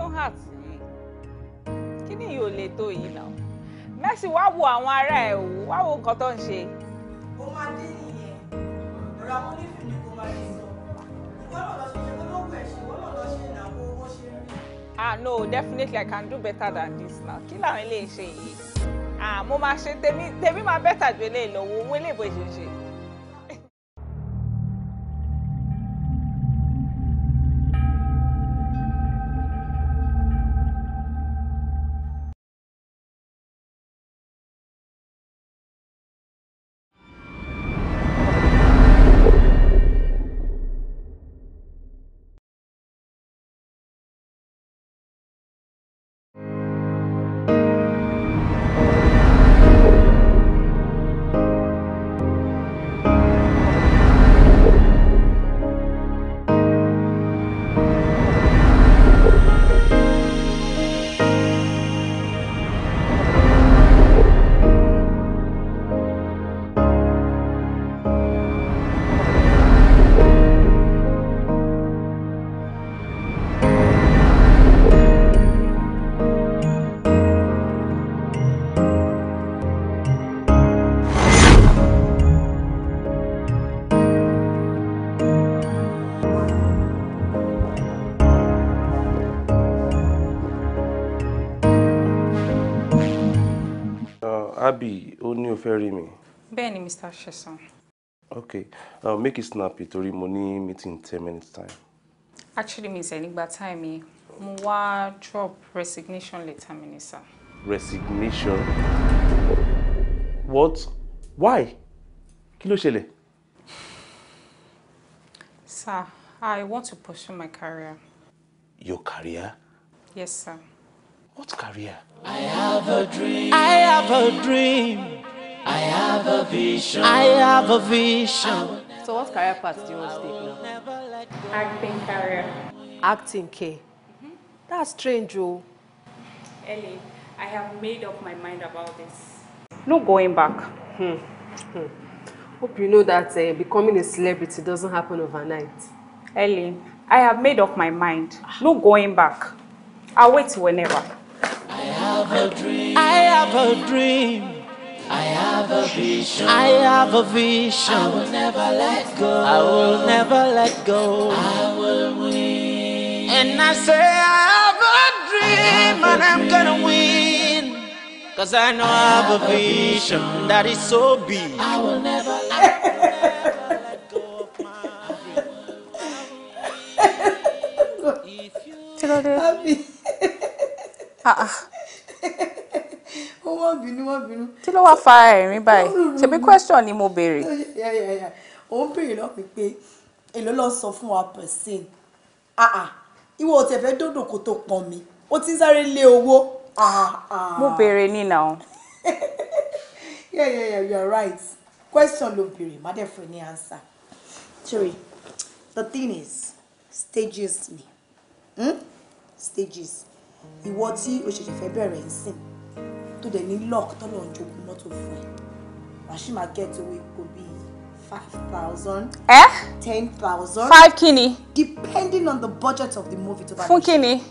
ló ń hà tì í kí ni yóò lè tó yìí náà Mercy wá wo àwọn ará ẹ̀ wò wá wo nǹkan tó ń ṣe. ó máa dé nìyẹn ọ̀rọ̀ amúnífì ni kò máa lè sọ wọ́n lọ ṣe ṣe gbọ́dọ̀ ẹ̀ ṣe wọ́n lọ ṣe ìnáwó owó ṣe rí. ah no definitely I can do better than this now kí làwọn eléyìí ṣe yìí ah mo máa ṣe tèmi tèmi máa bẹ́tà ju eléyìí lọ wo owó eléyìí bó ṣe ṣe. Abby ó ní o fẹ́ rí mi. bẹ́ẹ̀ Mr. Sheson. ok uh, make it snappy torí mo ní meeting in ten minutes time. actually mi ìṣẹ̀ nígbà time yìí mo wá drop resignation letter Minister. resignation what why kí ló ṣẹlẹ̀. sir I want to pursue my career. your career. yes sir. What career? I have a dream. I have a dream. I have a vision. I have a vision. So what career path do you want to take now? Acting career. Acting K. Mm-hmm. That's strange, Joe. Oh. Ellie, I have made up my mind about this. No going back. Hmm. Hmm. Hope you know that uh, becoming a celebrity doesn't happen overnight. Ellie, I have made up my mind. No going back. I'll wait whenever. have a dream. I have a dream. I have a vision. I have a vision. I will never let go. I will never let go. I will win. And I say I have a dream, have and i I'm gonna win. Cause I know I have, I have a, vision a vision that is so big. I will never let go. kí ló dé? ah ah wọ́n bínú wọ́n bínú. kí ló wá fa ẹ̀rín báyìí ṣebí question ni mo béèrè. òun béèrè náà pé pé èló ló ń sọ fún wa percent ìwọ ò tẹ̀fẹ́ dòdò kó tó pọn mi ó ti ń sáré lé owó. mo béèrè ní nà yeah yeah yeah you are right question ló béèrè má dẹ̀ fún ní answer. sorry the thing is stages me. hmm? stages ìwọ tí o ṣẹ̀ṣẹ̀ fẹ́ bẹ̀rẹ̀ ń sìn tó dẹ̀ ní lock tọ́lọ̀ ń jogún mọ́tò fún ẹ wàá sì máa get owó epo bíi five thousand. ẹ ten thousand. five kini. depending on the budget of the movie tó bá fún kini.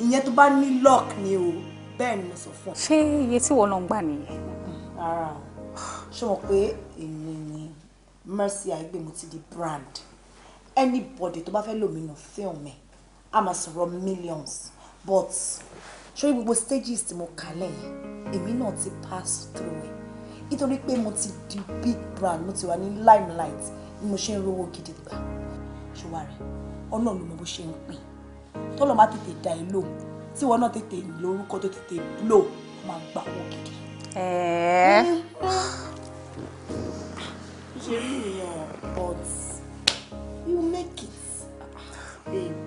ìyẹn tó bá ní lock ni o bẹ́ẹ̀ ni mo sọ fún ẹ. ṣé iye tí wọ́n lọ ń gbà nìyẹn. ara ṣé wọn pé èmi ni mercy àìgbé mo ti di brand anybody tó bá fẹ́ lòmìnà fíìmù ẹ̀ a máa sọ̀rọ̀ millions but ṣóyí gbogbo stages tí mo kà lẹ́yìn èmi náà ti pass through It nítorí pé mo ti di big brand mo ti wà ní limelight ni mo ṣe ń rówó gidi gbà ṣùgbọ́n rẹ̀ ọ̀nà ló mọ bó ṣe ń pín tọ́lọ̀ má tètè dá ẹ lóhùn tí wọn náà tètè lórúkọ tó tètè blow ó máa gbà owó gidi. ṣe rí ìyẹn but you make it babe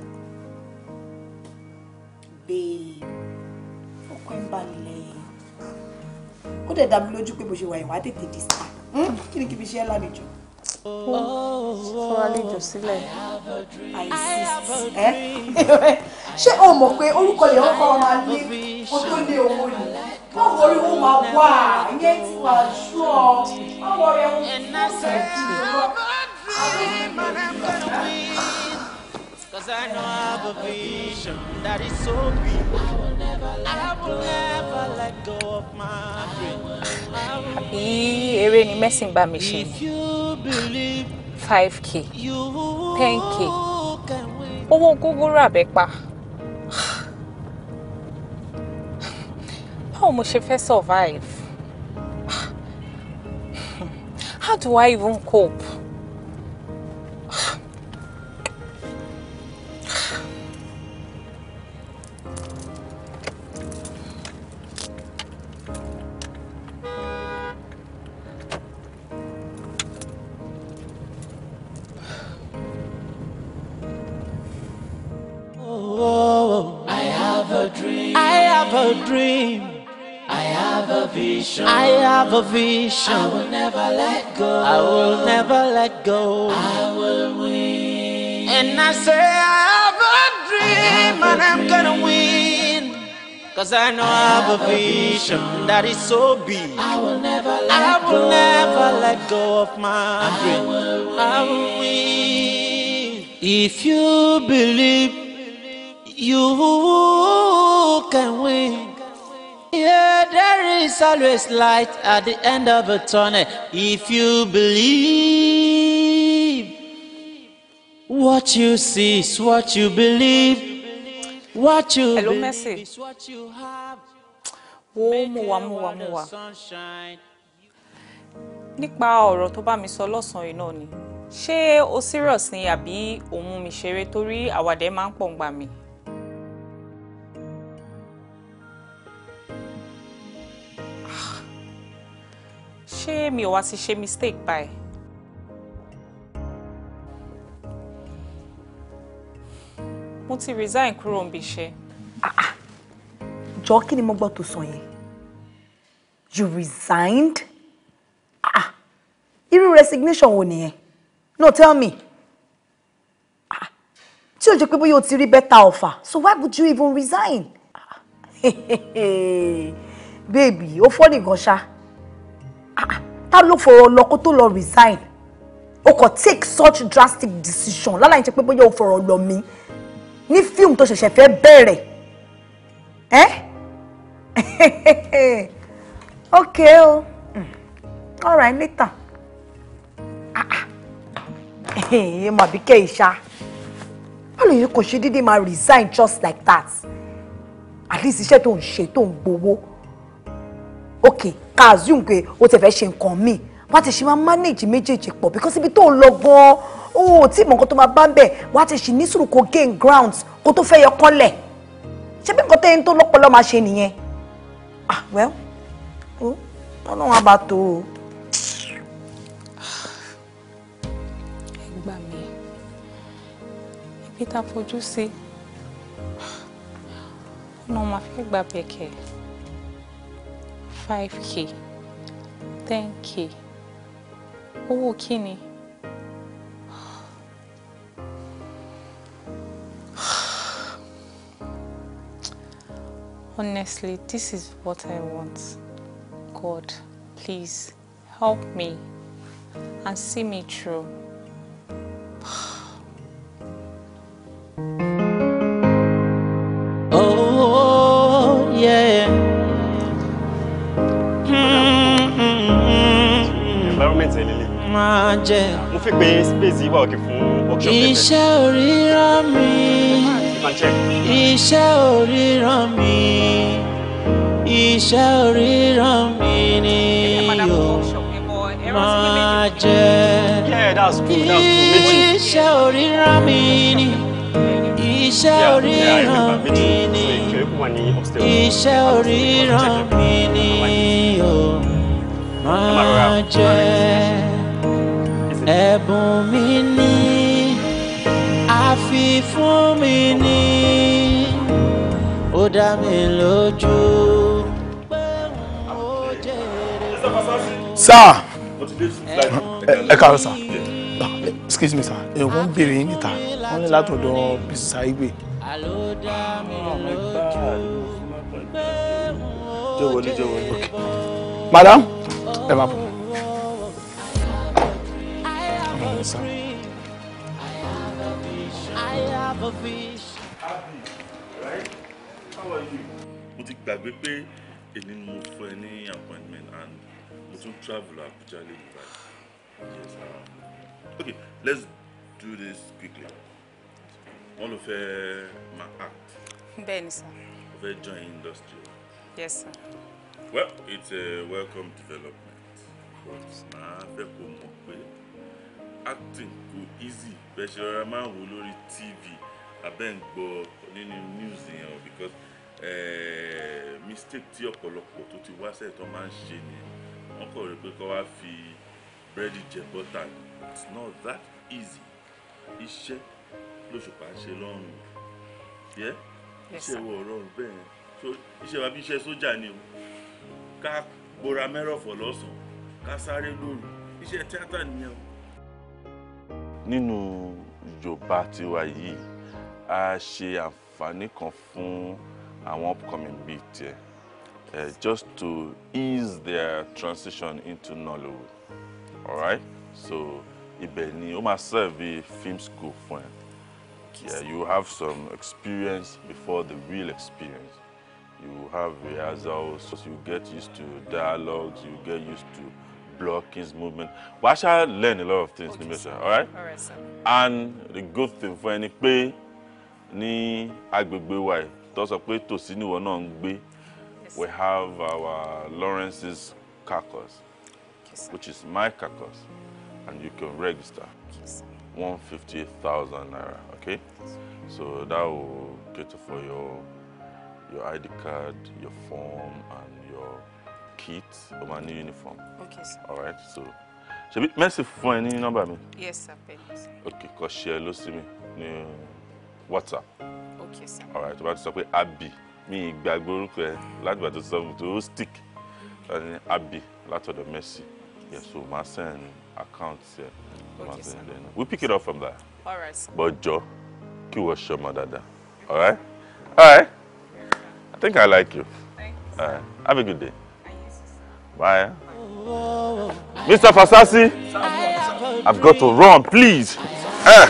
babe lọ́kàn ń balẹ̀ ó dẹ̀ dá mi lójú pé bó ṣe wà ìwà tètè di star hmm? kí ni kí fi ṣe é lálejò. fọlálejò sílẹ̀ eh? ṣé o mọ̀ pé orúkọ yẹn kọ́ ọ máa ní o tó lé owó ni wọ́n wọ orí wọn máa wà ìyẹn ti wà ṣú ọ wọ́n wọ ọrẹ wọn kò sẹ́ẹ̀ tì lọ. Cause I know I have a vision that is so beautiful yìí eré ni mercy ń bá mi ṣe five k ten k owó gógóró àbẹ́pà báwo mo ṣe fẹ́ survive how do I even cope. salvation. I will never let go. I will never let go. I will win. And I say, I have a dream, have and i I'm gonna win. Cause I know I have, have a vision, vision that is so big. I will never let go. I will go. never let go of my I dream. Will I will win. If you believe, you can win. Yeah, there is always light at the end of a tunnel if you believe. What you see is what you believe. What you Hello, believe is what you have. Wo mo wa mo wa mo wa. Nípa ọ̀rọ̀ tó bá mi sọ lọ́sàn-án yìí náà ni. Ṣé o serious ni àbí òun mi ṣeré torí àwàdẹ máa ń pọ̀ ń gbà mí? ṣé mi ò wá ti ṣe mistake báyìí. mo ti resign kúrò níbi iṣẹ́. Ah, ah. jọ kí ni mo gbọ́ tó sọ yẹn you resigned ah. ah. irú resignation wo nìyẹn no tell me tí o jẹ́ pé bóyá o ti rí better offer so why would you even resign baby ó fọ́ nìkan ṣáá ta ló fọ̀rọ̀ lọ kó tó lọ resign o kò take such drastic decision láláyìn ṣe pé bóyá o fọ̀rọ̀ lọ mi ní fíìmù tó ṣẹ̀ṣẹ̀ fẹ́ bẹ̀rẹ̀ ẹ́ okay o hmm. all right later ah, ah. ẹ mà bí kẹ́ ìṣá báwo yẹn kò ṣe dídí máa resign just like that at least iṣẹ́ tó ń ṣe tó ń gbowó okay ká assume pé o tẹ̀ fẹ́ ṣe nǹkan míì wá ti ṣe máa manage méjèèjì pọ̀ because ibi tó ń lọ gan-an o tí mọ̀ nǹkan tó máa bá ń bẹ̀ wá ti ṣì ní sùúrù gain grounds kó tó fẹ́ yọ kọ́lẹ̀ ṣé bí nǹkan tẹ́ ń tó lọ́pọ̀lọ́ máa ṣe nìyẹn ah well ọlọ́run àbá tó o. ẹ gbà mí ibi tá a fojú sí ọ̀nà máa fẹ́ gbà bẹ̀kẹ̀ five k ten k owó kíni. Honestly, this is what I want. God, please help me and see me through. oh, yeah. máa jẹ. mo fi pé space wà òkè fún workshop tẹ́lẹ̀. iṣẹ́ òríran mi iṣẹ́ òríran mi iṣẹ́ òríran mi ni yóò máa jẹ. iṣẹ́ òríran mi ni iṣẹ́ òríran mi ni iṣẹ́ òríran mi ni yóò máa jẹ ẹ̀bùn mi ní àfi mi ní ó dá mi lójú pé n ò jèrè fún. sáà ẹ káàárọ̀ sáà excuse me sir èèyàn kan béèrè yín níta wọn ní látọ̀dọ̀ bísísà igbe. jọ̀wọ́ ni jọ̀wọ́ ni. madam ẹ máa bọ̀. Mo ti gbàgbé pé èmi ni mo fún ẹ ní appointment and mo tún travel Abuja lẹ́yìn báyìí. Yes, um, okay, let's do this quickly. Wọ́n ló fẹ́ máa act. Bẹ́ẹ̀ni sir. Mo fẹ́ join industry. Yes sir. Well, it's a welcome development. But màá fẹ́ kó mọ̀ pé acting kò easy bẹ́ẹ̀ ṣe rárá máa wò lórí TV abẹ́ǹgbọ́ nínú news yẹn o because eh, mistake tí ọ̀pọ̀lọpọ̀ tó ti wá sẹ́yìn tó máa ń ṣe nìyẹn wọ́n kọ̀ rẹ̀ pé kó wá fi búrẹ́dì jẹ bọ́tà it's not that easy iṣẹ́ lóṣùpá ṣe lọ́rùn yẹ iṣẹ́ wọ ọ̀rọ̀rùn bẹ́ẹ̀ So iṣẹ́ wa bí iṣẹ́ sójà ni o ká gbóra mẹ́rọ̀fọ̀ lọ́sàn-án ká sáré lóru iṣẹ́ tíátà nìyẹn o. nínú ìjọba tiwa yìí á ṣe àǹfààní kan fún àwọn upcoming bíi tiẹ̀ uh, just to ease their transition into Nollywood alright so ibẹ̀ ni ó máa serve a film school fún ẹ yeah, you have some experience before the real experience you have rehearsals you get used to dialogues you get used to blockings movement wàá ṣá learn a lot of things ní mẹ́sàn-án alright all right, and the good thing for any pé ní agbègbè wa yìí tó sọ pé tòsí nìwọ náà ń gbé we have our Lawrence's carcass yes, which is my carcass and you can register yes, one fifty thousand naira okay so that will cater for your your ID card your form and your kit or my new uniform okay sir all right so ṣebí Mercy fún ẹ ní nọ́mbà mi yes sir pẹ̀lú okay kò ṣe ẹ lọ sí mi ní whatsapp. ok sir. all right tó bá ti sọ pé abi mi gbàgbé orúkọ ẹ látìgbà tó ti sọ fún mi stick láti abi látọ̀dọ̀ mercy yes so máa send account ẹ máa send we pick it up from there. all right sir. bọ́jọ́ kí wọ́n ṣọmọ dáadáa all right all right i think i like you. thank you sir. all right have a good day. bye. bye. Mr. Fasasi, I've got to run, please. Eh.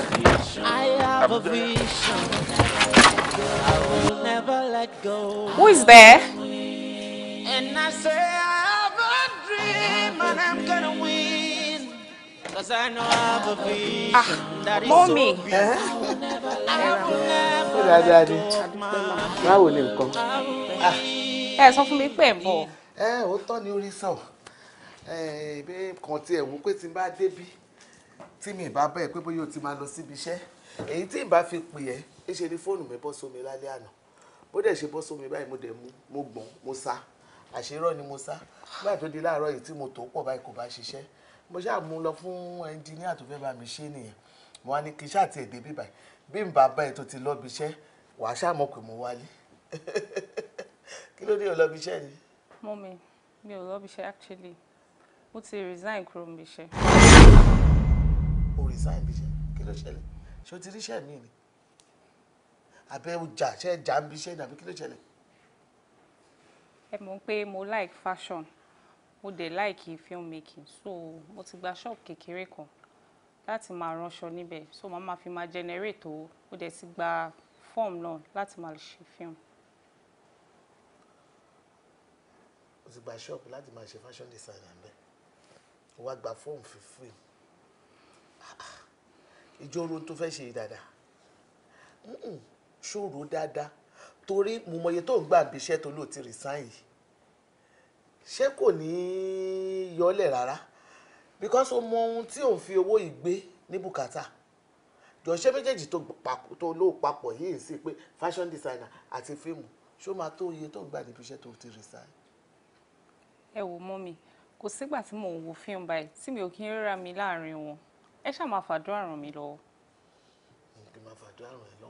Who is there? And I say I have a dream and I'm gonna win. Cause I know I have a vision ah, that is mommy. so beautiful. I Báwo ni nǹkan? Ah. Ẹ sọ fún mi pé ẹ̀ bọ̀. Ẹ ò tọ́ ni orí sàn. Ẹ̀ẹ́dẹ́ kan tí ẹ̀ wò pé tí n bá débí tí mi bá bẹ́ẹ̀ pé bóyá o ti máa lọ síbi iṣẹ́. Èyí tí n bá fi pè ẹ́, ẹ ṣe ni fóònù mi bọ́ sómi lálẹ́ àná bó dẹ̀ ṣe bọ́ sómi báyìí mo dẹ̀ mú mo gbọ̀n mo sá àṣerọ́ ni mo sá nígbà tó di láàárọ̀ yìí tí mo tó pọ̀ báyìí kò bá ṣiṣẹ́ mo ṣáà mú lọ fún ẹnjìníà tó fẹ́ bá mi ṣe nìyẹn mo wá ní kí iṣẹ́ àti èdè bíbà bí n bá bá ẹ tó ti lọ́bi iṣẹ́ wàá ṣáà mọ̀ pé mo wálé kí ló dé o lọ́bi iṣẹ́ ni. mọ́mi mi ò lọ́bi iṣẹ́ actually mo ti resign kúrò níbi iṣẹ́. o resign níbi iṣẹ́ kí ló ṣẹlẹ̀ ṣé o ti ríṣẹ́ mi ni abẹ́ ọjà ṣe é jà ń bí ṣe nàbí kí ló ṣẹlẹ̀. ẹ mọ̀ pé mo like fashion mo dẹ̀ like film making so mo ti gba shop kékeré kan láti máa ránṣọ níbẹ̀ so màá máa fi máa generate owó mo dẹ̀ ti gba form náà láti máa ṣe film. o ti gba shop láti máa ṣe fashion design. bẹ́ẹ̀ o wá gba form fífún yìí ìjọ orun tó fẹ́ ṣe dáadáa ṣòro dáadáa torí mo mọye tó ń gbà bí iṣẹ́ tó lò ti resign yìí ṣé kò ní í yọlẹ̀ rárá because o mọ ohun tí òun fi owó yìí gbé ní bùkátà jọ ṣé méjèèjì tó lò papọ̀ yìí sí pé fashion designer àti fíìmù ṣó máa tó iye tó ń gbà níbi iṣẹ́ tó ti resign. ẹ wò mọ́ mi kò sígbà tí mò ń wo fíìmù báyìí tí mi ò kí ń ríra mi láàrin wọn ẹ ṣáà máa fàdúrà ràn mí mo kì í máa fàdúrà ràn ẹ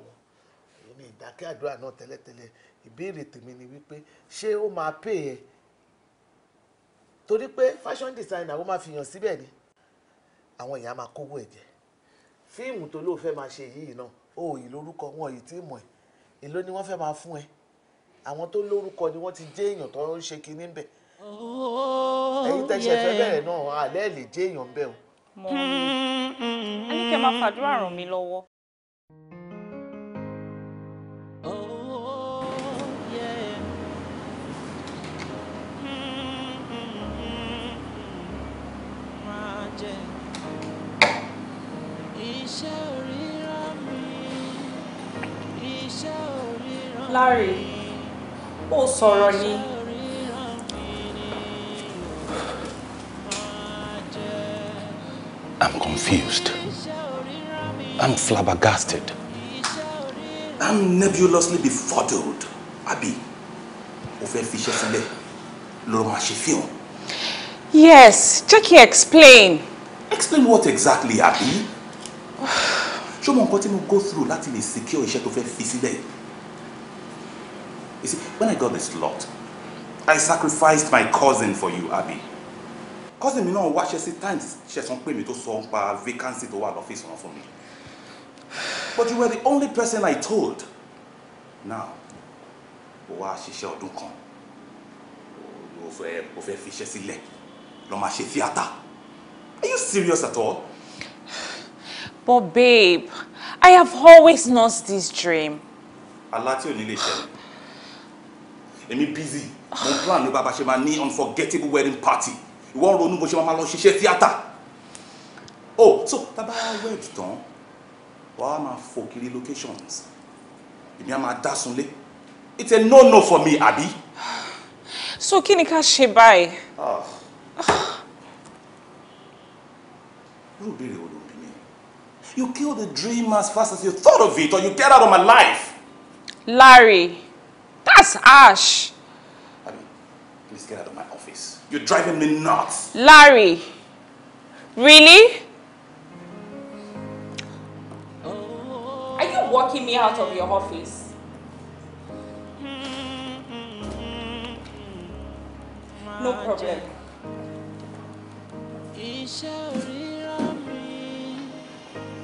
ní ìdákẹ́ àdúrà náà tẹ́lẹ̀tẹ́lẹ̀ ìbéèrè tèmi ni wípé ṣé ó máa pè é torí pé fashion designer ó máa fi hàn síbẹ̀ ni àwọn èèyàn máa kówó ẹ̀ jẹ fíìmù tó lóò fẹ́ máa ṣe yìí náà ó yìí lórúkọ wọn yìí tí mọ̀ ẹ́ èló ni wọ́n fẹ́ máa fún ẹ àwọn tó lórúkọ ni wọ́n ti jẹ́ èèyàn tó ń ṣe kinní bẹ̀ ẹ̀yin tẹ̀sẹ̀ fẹ́ bẹ̀rẹ̀ náà alẹ́ lè jẹ́ èèyàn bẹ́ẹ̀ o. ẹni kẹ́ máa fàdúrà ràn mí lọ́wọ́. Larry, ó sọ̀rọ̀ ni. I'm confused. I'm flabbergasted. I'm nebulously befuddled. Abi, o fẹ́ fi iṣẹ́ sílẹ̀ lọ́rọ̀ máa ṣe fihàn. Yes, jẹ́ kí explain. Explain what exactly, Abi? ṣó mọ nǹkan tí mo go through láti lè secure iṣẹ́ tó fẹ́ fi sílẹ̀ you see when I got this lot I sacrificed my cousin for you Abi cousin mi náà wáṣẹ sí times ṣẹ̀sán pé mi tó sọ ń pa vacancy tó wà lọ́fíìsì wọn fún mi but you were the only person I told now o wá ṣiṣẹ́ ọdún kan o fẹ́ o fẹ́ fi iṣẹ́ sílẹ̀ lọ́ọ́ máa ṣe theatre are you serious at all. But babe, I have always nursed this dream. Àlá tí ò ní lè ṣẹlẹ̀. busy, mo plan ní Baba ṣe máa ní unforgettable wedding party. Ìwọ ń ronú bó ṣe máa lọ ṣiṣẹ́ tíátà. Oh, so tábà wed tán, wàá máa fò kiri locations. Èmi á máa dá sunlé. It's a no-no for me, Abi. So kí ni ká ṣe báyìí? Ah. Irú ìbéèrè wo You kill the dream as fast as you thought of it, or you get out of my life. Larry, that's Ash. Abby, please get out of my office. You're driving me nuts. Larry, really? Are you walking me out of your office? No problem.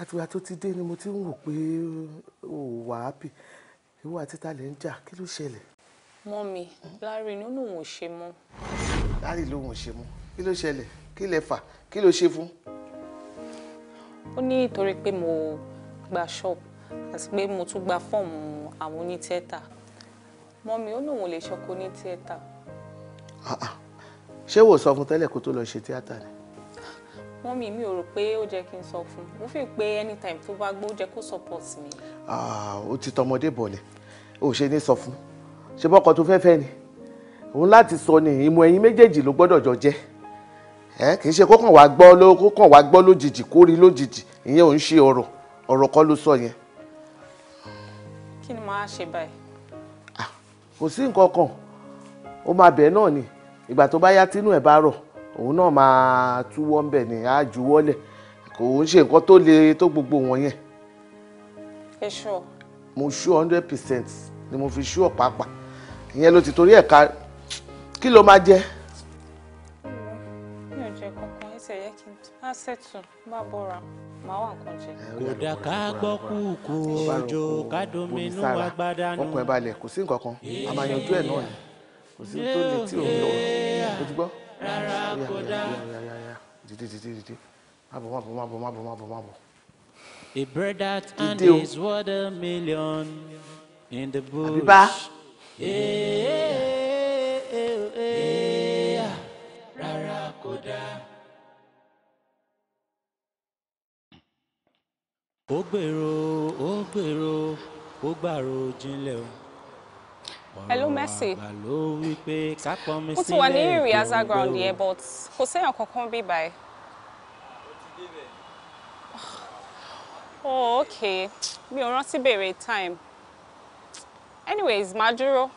àtìgbà tó ti dé ni mo ti ń wò pé o wà happy ìwọ àti ta lè ń jà kí ló ṣẹlẹ̀. mọ́mì Larry ló lóun ò ṣe mọ́. Larry lóun ò ṣe mọ́ kí ló ṣẹlẹ̀ kí lẹ fà kí ló ṣe fún. ó ní nítorí pé mo gba ṣọ́ọ̀bù àti pé mo tún gba fọ́ọ̀mù àwọn onítìẹ́tà mọ́mì ó lóun ò lè ṣọkọ onítìẹ́tà. Ah, ah. ṣé wò sọ fún tẹ́lẹ̀ kó tó lọ ṣe tíátà ni mọ́mí mi ò rò pé ó jẹ́ kí n sọ fún un mo fi pé anytime tó bá gbọ́ ó jẹ́ kó support mi. ó ah, ti tọmọdé bọ̀lẹ̀ ó ṣe ní sọ fún ṣe bọ́kọ tó fẹ́ fẹ́ ni òun láti sọ ni ìmọ̀ ẹ̀yin méjèèjì ló gbọ́dọ̀ jọ jẹ́ ẹ kì í ṣe kó kàn wá gbọ́ ló kó kàn wá gbọ́ lójijì kó rí lójijì ìyẹn ò ń ṣe ọ̀rọ̀ ọ̀rọ̀ kọ́ ló sọ yẹn. kí ni màá ṣe báyìí. Ah, kò sí nǹkan kan ó máa bẹ̀ náà ni ìgbà tó bá yá tínú ẹ̀ bá rọ̀ òun náà máa túwọ́ ń bẹ̀ ní àjùwọ́lẹ̀ kò ń ṣe nǹkan tó le tó gbogbo wọn yẹn. ẹ ṣọ. mo ṣú hundred percent ni mo fi ṣú ọ̀pápá ìyẹn ló ti torí ẹ̀ ká kí ló máa jẹ. mi ò jẹ kankan ẹ tẹ̀yẹ kí n bá ṣètò bá bọ̀ra máa wà nǹkan jẹ. kódà ká gbọ́ kúkú òjò ká dominú ọkùnrin balẹ̀ kò sí nǹkan kan a ẹ̀ náà kò sí tó lè tí òun lọ ojú rárá kò dáa. dìde dìde dìde má bọ̀ má bọ̀ má bọ̀ a bird that hand is worth a million in the bush. àbíbá. Eh, eh, eh, ah. ó gbèrò ó gbèrò ó gbàrò jinlẹ̀ o hello mercy mo ti wà ní the ground here, but kò séèyàn kankan bí báyìí. oh okay mi ò rántí béèrè time anyways Maduro.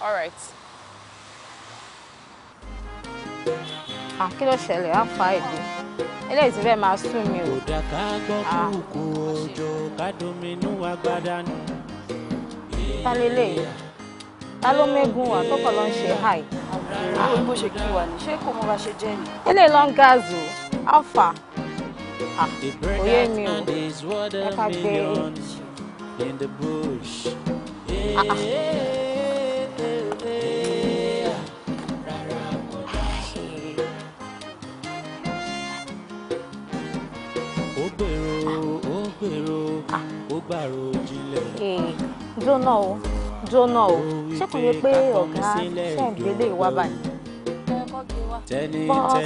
All right. kí ló ṣẹlẹ̀ á fa ìdí eléyìí ti fẹ́ máa sún mi ta leléyìí ta ló mẹ́gun wà tó kàn ṣe háì. àwọn ah, bó ṣe kí wà ní ṣé kò mọ ṣe jẹ́ ni. ilé lọ́ngàzù alpha òye ah, mi o ẹ gbé ah, ó gbèrò ó jóná o jóná o ṣé kò yẹ pé ọ̀gá ṣẹ̀ǹdélé wà báyìí. bọ́s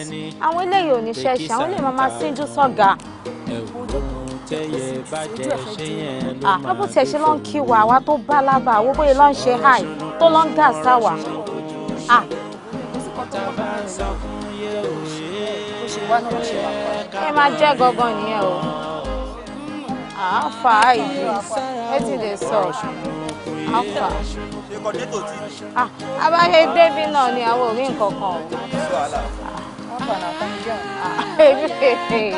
àwọn eléyìí ò ní ṣẹ́ṣẹ́ àwọn eléyìí máa síjú sọ́gà. lọ́bù tí ah, ló ń kí wa àwa tó bá lábà àwo bóyá ló ń ṣe háì tó ló ń gà sáwà. Ah. ẹ máa jẹ́ gangan nìyẹn o afa ìlú wetin dey How far? ah about abáyé débi náà ni àwọn òbí nǹkan kan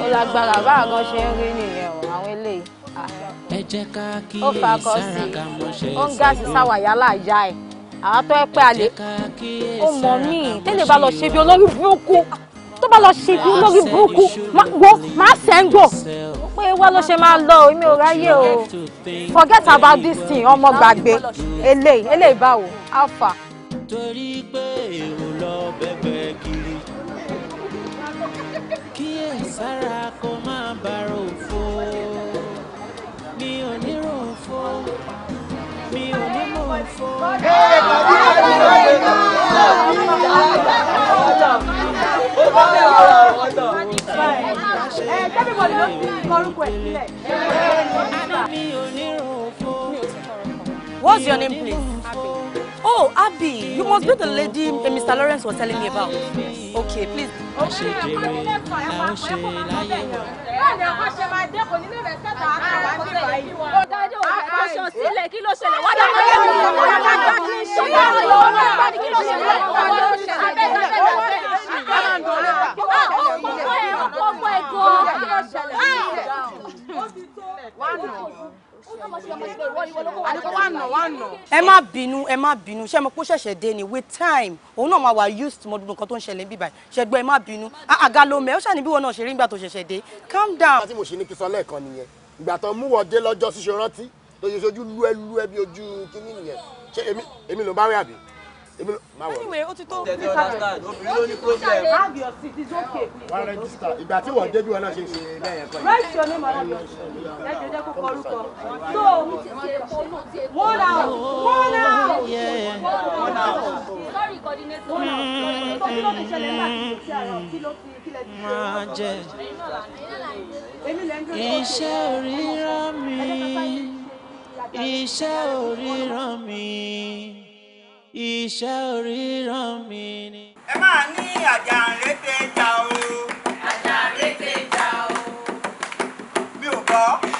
o ah, lágbára bá àwọn ṣe ń rí nìyẹn o àwọn eléyìí ah, ó fakọ sí ó ń gáàsì sáwà yálà ìyá ẹ àwọn tó ẹ pé àlè ó mọ míì tẹ́lẹ̀ bá lọ ṣe bí olórí burúkú tó bá lọ ṣe bí lórí burúkú wo máa sẹ́ńgò pé wá ló ṣe máa lọ èmi ò ráyè o forget about this thing ọmọ gbàgbé eléyìí eléyìí báwo alpha. torí pé èrò lọ bẹ́gbẹ́ kiri kíyè sára kó má bàrò fò mi ò ní rò fò mi ò ní mò fò everybody ló fi orúkọ ẹ̀ What's your name, please? Abby. Oh, Abby, you must be the lady Mr. Lawrence was telling me about. Okay, please. One ẹ má bínú ẹ má bínú ṣé mo kó ṣẹ̀ṣẹ̀ dé ni with time òun náà máa wà used mọ gbogbo nǹkan tó ń ṣẹlẹ̀ bíbá ṣẹgbẹ́ ẹ má bínú àga ló mẹ́ ó ṣàní bí wọn náà ṣe rí nígbà tó ṣẹ̀ṣẹ̀ dé calm down. ìgbà tí mo ṣe ní kí lẹ́ẹ̀kan nìyẹn ìgbà tó mú wọ́n dé lọ́jọ́ ṣíṣe rántí lóye ṣojú lú ẹ lú ẹ bí ojú kínní nìyẹn ṣé èmi ló bá rí àbí anyway ó ti tó. tẹ̀lé have your seat it's okay your name and address so one out one out sorry coordinator one out. kí ló fi ṣẹlẹ̀ nígbà tí mo ti iṣẹ́ oríran mi ni. ẹ máa ní àjàǹrété jà o. àjàǹrété jà o. mi ò gbọ́.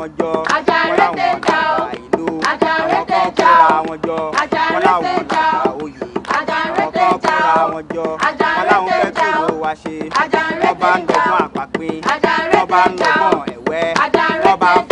wọn jọ wọn láwọn àgbà ìlú àwọn kan kóra wọn jọ wọn láwọn àgbà oyè àwọn kan kóra wọn jọ wọn láwọn fẹ́ tó ló wá ṣe wọn bá ń dọ́gbọ́n àpapín wọn bá ń dọ́gbọ́n ẹ̀wẹ́ wọn bá ń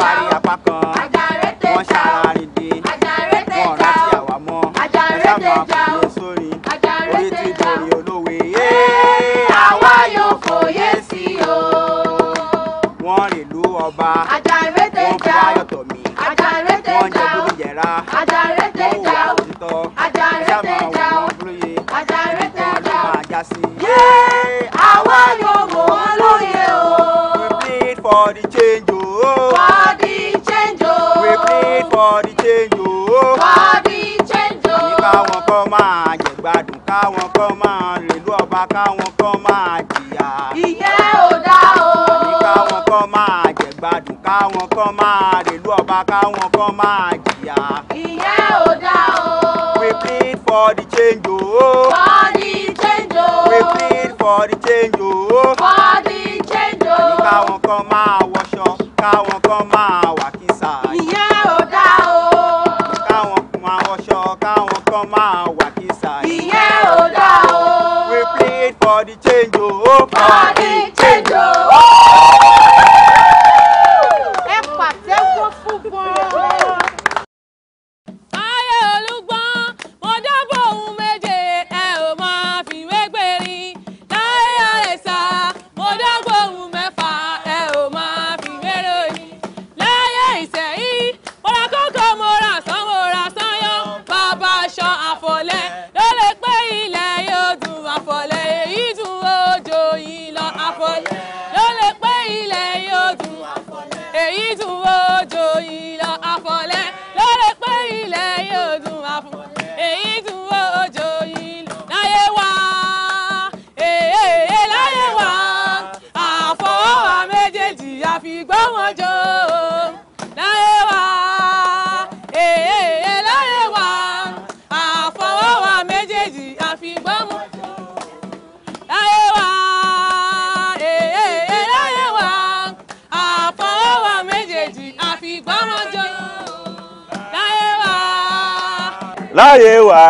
dùn káwọn kan máa rèlú ọba káwọn kan máa jìyà. ìyẹn ò dá o. we plead for the change o. Oh. for the change o. Oh. we plead for the change o. Oh. for the change o. káwọn kan máa wọṣọ káwọn kan máa wà kísà. ìyẹn ò dá o. káwọn kan máa wọṣọ káwọn kan máa wà kísà. ìyẹn ò dá o. we plead for the change o. for the change o. láyé wa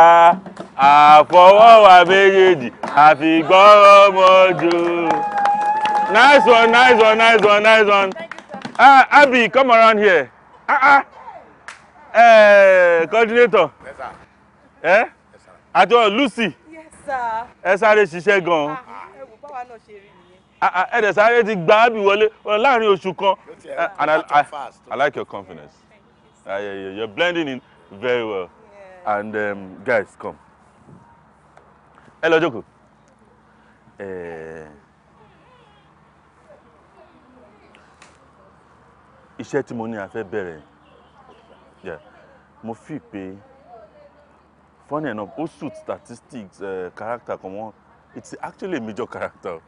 àfọwọ́wà méjèèjì àfi gbọ́rọ̀ mọ́jú. nice one nice one nice one nice one. ah uh, Abi come around here. ah ah uh, coordinator. Yes, sir. Eh? Yes, sir. àti ọ Lucy. Yes, sir. ẹ sáré ṣiṣẹ́ gan-an. Ah, ẹ wò báwa náà ṣe rí nìyẹn. Ah, ah, ẹ̀dẹ̀ sáré ti gba Abi wọlé láàrin oṣù kan. Eh, I, like your confidence. Uh, yeah, yeah, you're blending in very well and um, guys come Hello, Joko. jókòó eh, iṣẹ́ tí mo ní a fẹ́ bẹ̀rẹ̀ yeah. mo fi pé funny enough ó suit statistics uh, character kan wọ́n it's actually a major character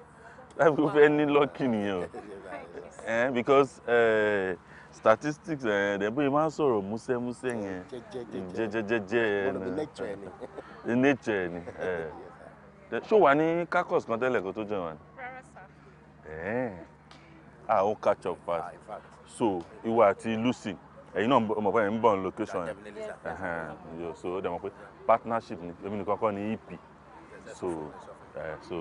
láti fẹ́ ní lọ́ọ̀kì nìyẹn o eh, because. Uh, statistics ẹ eh, dẹbí máa ń sọ̀rọ̀ músẹ́músẹ́ eh, yẹn jẹjẹjẹjẹ mm, ẹ ní nature ẹ ní ẹ eh. ṣó wà ní kakos kan tẹ́lẹ̀ kó tó jẹun wa ni. a ó catch up fast ah, so ìwọ àti Lucy ẹ̀yin náà ọmọ fún ẹ ń bọ̀ ní location yẹn so ó dẹ̀ mọ̀ pé partnership ni èmi nìkan kọ́ ni EP so so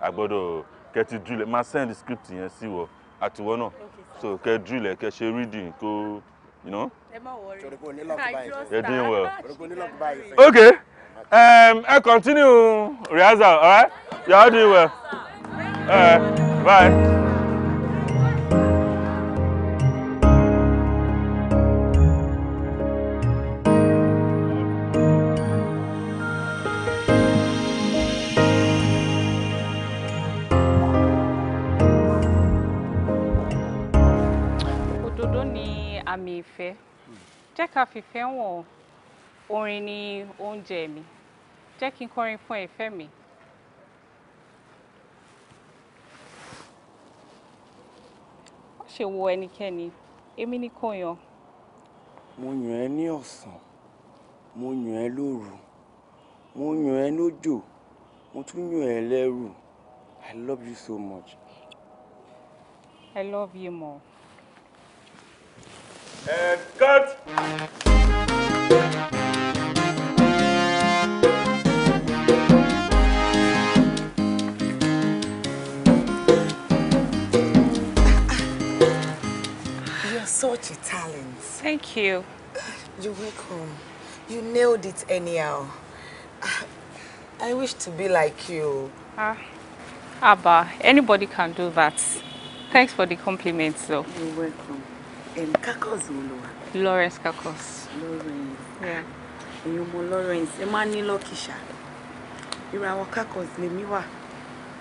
a gbọ́dọ̀ máa send script yẹn sí wọ àtiwọ́ náà so kẹ drill ẹ kẹ ṣe reading kó you know. ẹ má wọrí you're doing well. okay um, ẹ continue rehearsal all right you're all doing well. All right, bye. ká fìfẹ́ wọ̀n orin ni oúnjẹ mi jẹ́ kí n kọrin fún ìfẹ́ mi. má ṣe wo ẹnikẹ́ni èmi ni kò yàn. mo yàn ẹ́ ní ọ̀sán mo yàn ẹ́ lóru mo yàn ẹ́ lójò mo tún yàn ẹ́ lẹ́rù i love you so much. i love you more. And cut! You're such a talent. Thank you. You're welcome. You nailed it anyhow. Ah, I wish to be like you. Ah, Abba, anybody can do that. Thanks for the compliment, though. You're welcome. Um, Kakos wo Lawrence Kakos. Lawrence. Yeah. Ẹ̀yin ọmọ Lawrence, ẹ máa ní lọ́kìṣà. Irú àwọn Kakos lèmi wà.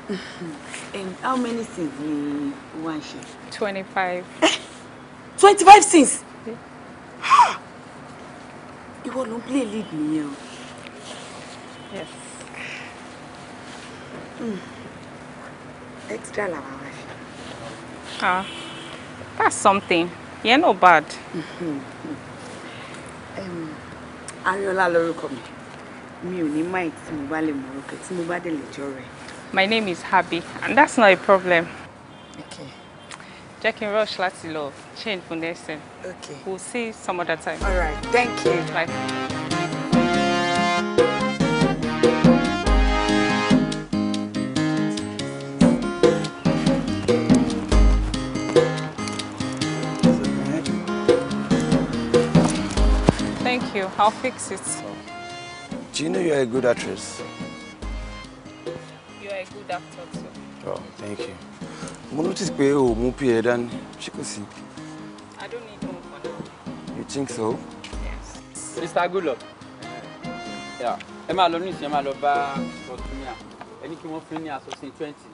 um, how many sins ni wà ń ṣe? Twenty-five. Twenty-five sins? Ìwọ ló ń play league nìyẹn Yes. Mm. Extra làwọn Ah, that's something yẹn no bad. Ariola lórúkọ mi mi ò ní mind tí mo bá lè mọ orúkọ tí mo bá dé lè jọ rẹ. My name is Habi and that's not a problem. Okay. Jẹ́ kí n rush láti lọ change for next time. Okay. We'll see some other time. All right, thank you. Bye. Thank you. I'll fix it. Oh. Do you know you're a good actress? You're a good actor too. Oh, thank you. Mo notice pé o mú pie dání. Ṣé kò sí? I don't need no for You think so? Yes. Mr. Goodluck. Yeah. Ẹ máa I'm alone. I'm alone. I'm bá Fortunia. Ẹ ní kí wọ́n fún ní aṣọ sí twenty.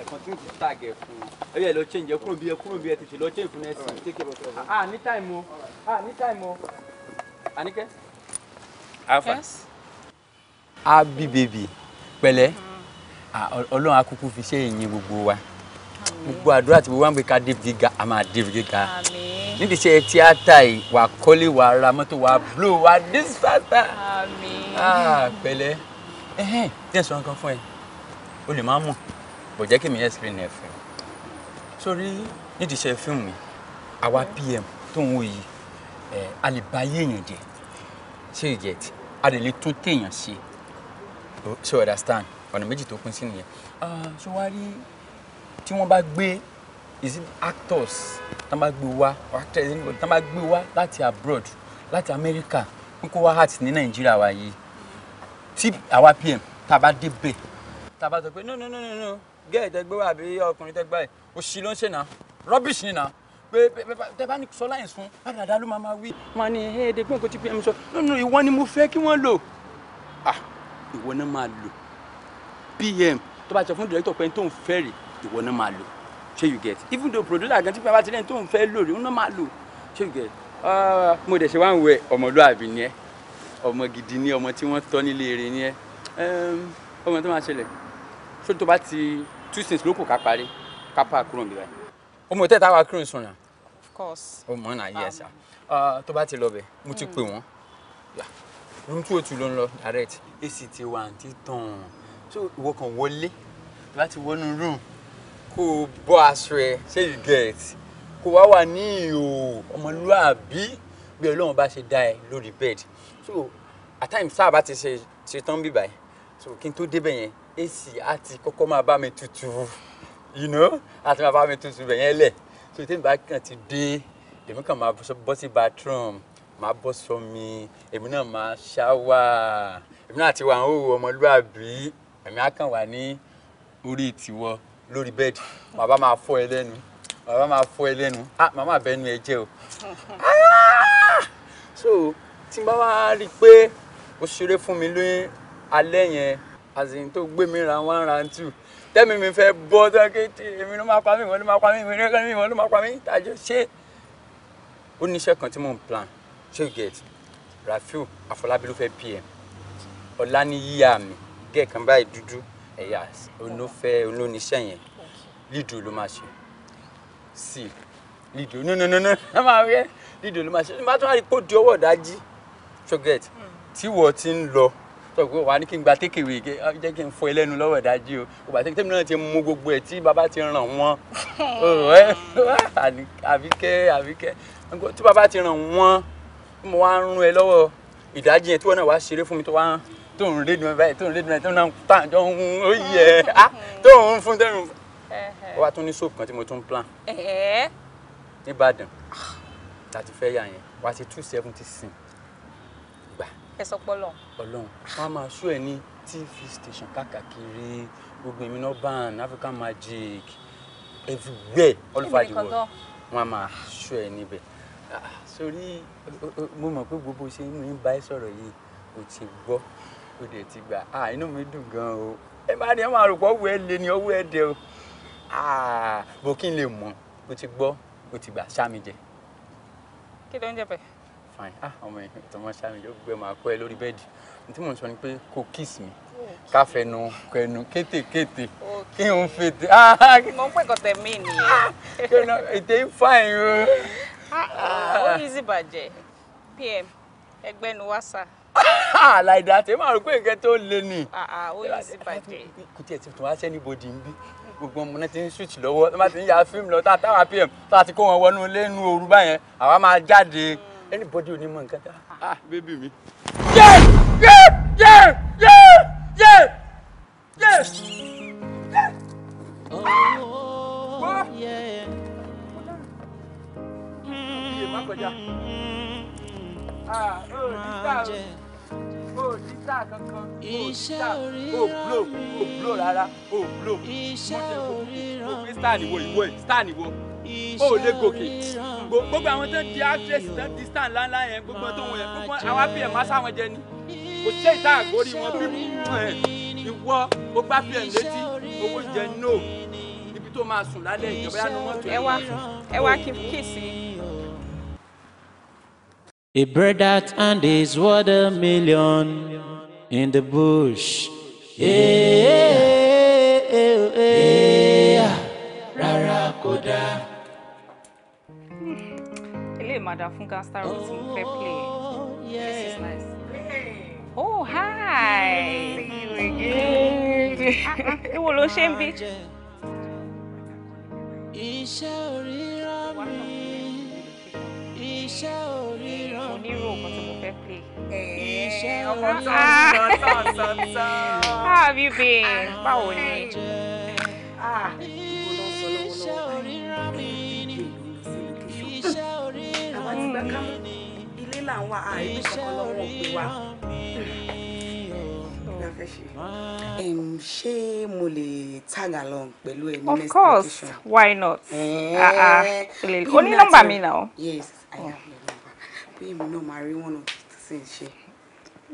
Ẹ kọ́ntínú ti tag ẹ fún wọn. Ẹ yẹ lọ change ẹ kúrò bí ẹ kúrò bí ẹ Ah ní time o. Ah ní time o. Anike. Alpha. Yes. Abi baby. Pẹ̀lẹ́. Ọlọ́run akuku fi ṣe ìyìn gbogbo wa. Gbogbo àdúrà tí gbogbo wa ń gbé ká dé gíga, a máa dé gíga. Nídìí iṣẹ́ tíátà yìí, wà kọ́lé, wà ra mọ́tò, wà blow, wà disfata. Pẹ̀lẹ́. Díẹ̀ sọ nǹkan fún ẹ. O lè má mọ̀, bò jẹ́ kí mi yẹ screen ẹ̀ fún ẹ. Sórí nídìí mi, àwa PM tó ń wò yìí, a lè èèyàn jẹ́ ṣé ìjẹ̀tì a lè lè tún téèyàn ṣe ṣé o understand ọ̀nà méjì tó pín sí nìyẹn ah, ṣé wàá rí tí wọ́n bá gbé actors tán bá gbé wá actors tán bá gbé wá láti abroad láti America kókó wá heart ní Nàìjíríà wa yìí tí àwa PM tá a bá débẹ̀ tá a bá sọ pé no no no no no gẹ́ẹ̀ tẹ́gbẹ́ wà bí ọkùnrin tẹ́gbẹ́ ẹ̀ òṣì ló ń ṣe náà rubbish ni náà pé tẹ bá ní sọlá yẹn sun àdàdà ló máa ma wí. wọn ní ẹ ẹdẹgbọn kò ti pè é sọ nínú ìwọ ni mo fẹ́ kí wọ́n lò ìwọ náà máa lò pm tó bá jẹ fún director pé tó ń fẹ́ rè ìwọ náà máa lò ṣé you get even though producer gan tí pé ti lẹ́yìn tó ń fẹ́ lò rè òun máa lò ṣé you get mo dẹ̀ ṣe wá ń wẹ ọmọlúàbí ni ẹ ọmọ gidi ni ọmọ tí wọ́n tọ́ nílé eré ni ẹ ọmọ tó máa ṣẹlẹ̀ ṣó tó bá ti two things ló ká parí ká pa àkúrò níbàyìí o mọ̀ tẹ́tà wa kírun sùn of course. o mọ̀ náà yẹ sá tó bá ti lọ bẹ̀ mo ti hmm. pè wọ́n room two oh two ló ń lọ direct ac ti wà àǹtí tán so ìwọ kan wọlé tó bá ti wọnú room kó o bọ́ aṣọ ẹ ṣé you get kó wá wà ní ìhòòhò ọmọlúwàbí bí ọlọ́run bá ṣe dá ẹ lórí bed so at times sáà bá ti ṣe ṣe tán bíbáyìí so kí n tó débẹ̀ yẹn ac á ti kọ́kọ́ máa bá mi tutù you know àti màá bá mi tutù bẹ̀ yẹn lẹ̀ so tèmi bá kàn ti dé èmi kàn máa bọ́ sí bathroom máa bọ́ sọmi èmi náà máa ṣáwà èmi náà ti wà ń hòhò ọmọlúàbí èmi á kàn wà ní orí tiwọ lórí bẹ́ẹ̀dì màá bá máa fọ́ ẹ lẹ́nu màá bá máa fọ́ ẹ lẹ́nu ah màá máa bẹ́nu ẹ jẹ́ o ah! so tí n bá wá rí i pé o ṣeré fún mi lóyún alẹ́ yẹn àzìyìn tó gbé mi ra one round two tẹ́mi mi fẹ́ bọ́ sọ́kẹ́tì èmi ló máa pa mí ìwọ́n ló máa pa mí ìwọ́n ló máa pa mí tàjọ ṣé ó níṣẹ́ kan tí mò ń plan ṣé you get Rafiu Afọlábí ló fẹ́ pm ọ̀la ní yíyá mi gẹ̀ẹ́kan báyìí dúdú ẹ̀yà olófẹ́ olóníṣẹ́ yẹn lídò ló máa ṣe sí lídò no no no no ẹ máa rẹ lídò ló máa ṣe nígbà tó wà ní kó di ọwọ́ ìdájí ṣé you get hmm. tí wọ́n ti ń lọ sọ pé wà á ní kí n gba tékèwé ah, jẹ́ kí n fọ ẹlẹ́nu lọ́wọ́ ìdájí o ìgbà tí tèmi náà ti mú gbogbo ẹ̀ tí bàbá ti ràn wọ́n oh, eh, ah, àbíkẹ́ àbíkẹ́ tí bàbá ti ràn wọ́n mo wá ń rún ẹ lọ́wọ́ ìdájí yẹn tí wọ́n náà wá ṣeré fún mi tó wá ń tó ń rédùn ẹ báyìí tó ń rédùn ẹ tó ń náà tàn jọ ń ó yẹ á ah, tó ń fún tẹ́rù ó wá tún ní sóòpù kan tí mo tún plan ní Ìbàdàn láti fẹ́ yà yẹn wá sí two seventy six ẹ sọ pé ọlọ́run. ọlọ́run wọn a máa sún ẹ ní tv station káàkiri gbogbo ìmínà Ban, african magic everywhere all over the world wọn a máa sún ẹ níbẹ̀ ah, sórí mo mọ̀ pé gbogbo ṣe mú mi bá ẹ sọ̀rọ̀ yìí o ti gbọ́ o dẹ̀ ti gbà á ah, inú mi dùn gan o ẹ bá ní ẹ máa rò pọ̀ ẹ lé ní ọwọ́ ẹ dẹ o ah, bó kí n lè mọ̀ o ti gbọ́ o ti gbà ṣá mi jẹ. kí ló ń jẹ bẹ́ẹ̀ fine ah ọmọ yìí tọmọ ṣáà mi yóò gbé máa kọ ẹ lórí bẹ́ẹ̀dì tí mò ń sọ ni pé kò kiss mi oh. ká fẹnu kẹnu kétékété kí n fètè. Ah, ah, ah. mo ń pẹ̀kọ́ tẹ̀ mí nìyẹn. ètè yìí fine o. ó yí sí bàjẹ́ pm ẹgbẹ́ nu wá sá. àlàìdá tẹ máa rò pé nǹkan tó le ni. ó yí sí bàjẹ́. kò tiẹ̀ tuntun wá sẹ́ni bòdì ń bí gbogbo ọmọ náà ti ń switch lọ́wọ́ tó bá ti ń ya fíìmù lọ tá a táwa pm tá a ti kó wọn wọnú ilé nu òru báyẹn àwa máa jáde. Mm anybody ò ní mọ nǹkan tá. ah bébì mi. yé yé yé yé yé yé yé. wá iye má kọjá. ah ó títà ó títà kankan ó títà ó blow ó oh, blow rárá ó oh, blow mo jẹ kó kó pé star ni wo ìwọ yìí star ni wo ó gòkè gbogbo àwọn tó ń di actress tó ń di star ńláńlá yẹn gbogbo tó ń yẹn gbogbo àwọn apm máa sáwọn jẹ ni kò sí ìta àgórí wọn bí ìwọ ó gbá pm létí owó jẹ no ibi tó máa sùn lálẹ́ ìjọba yánú mọ́tò ẹ wá ẹ wá kí kí sí. A bird that hand is worth a million in the bush. yeah, yeah, yeah. Eh, eh, eh. Madam Star Road oh, oh, tí mo fẹ́ play. This is nice. Oh, hi! See you again. Èwo How have you been? Báwo gbẹ ilé là ń wá àìrí kankan lọ́wọ́ òpè wa. Hmm. ṣé mo lè tag along pẹ̀lú ẹ ní next of course why not? o eh, ah, ah. ní nọ́mbà mi náà. yes i am hmm. your number bí èmi náà máa rí one of the things ṣe.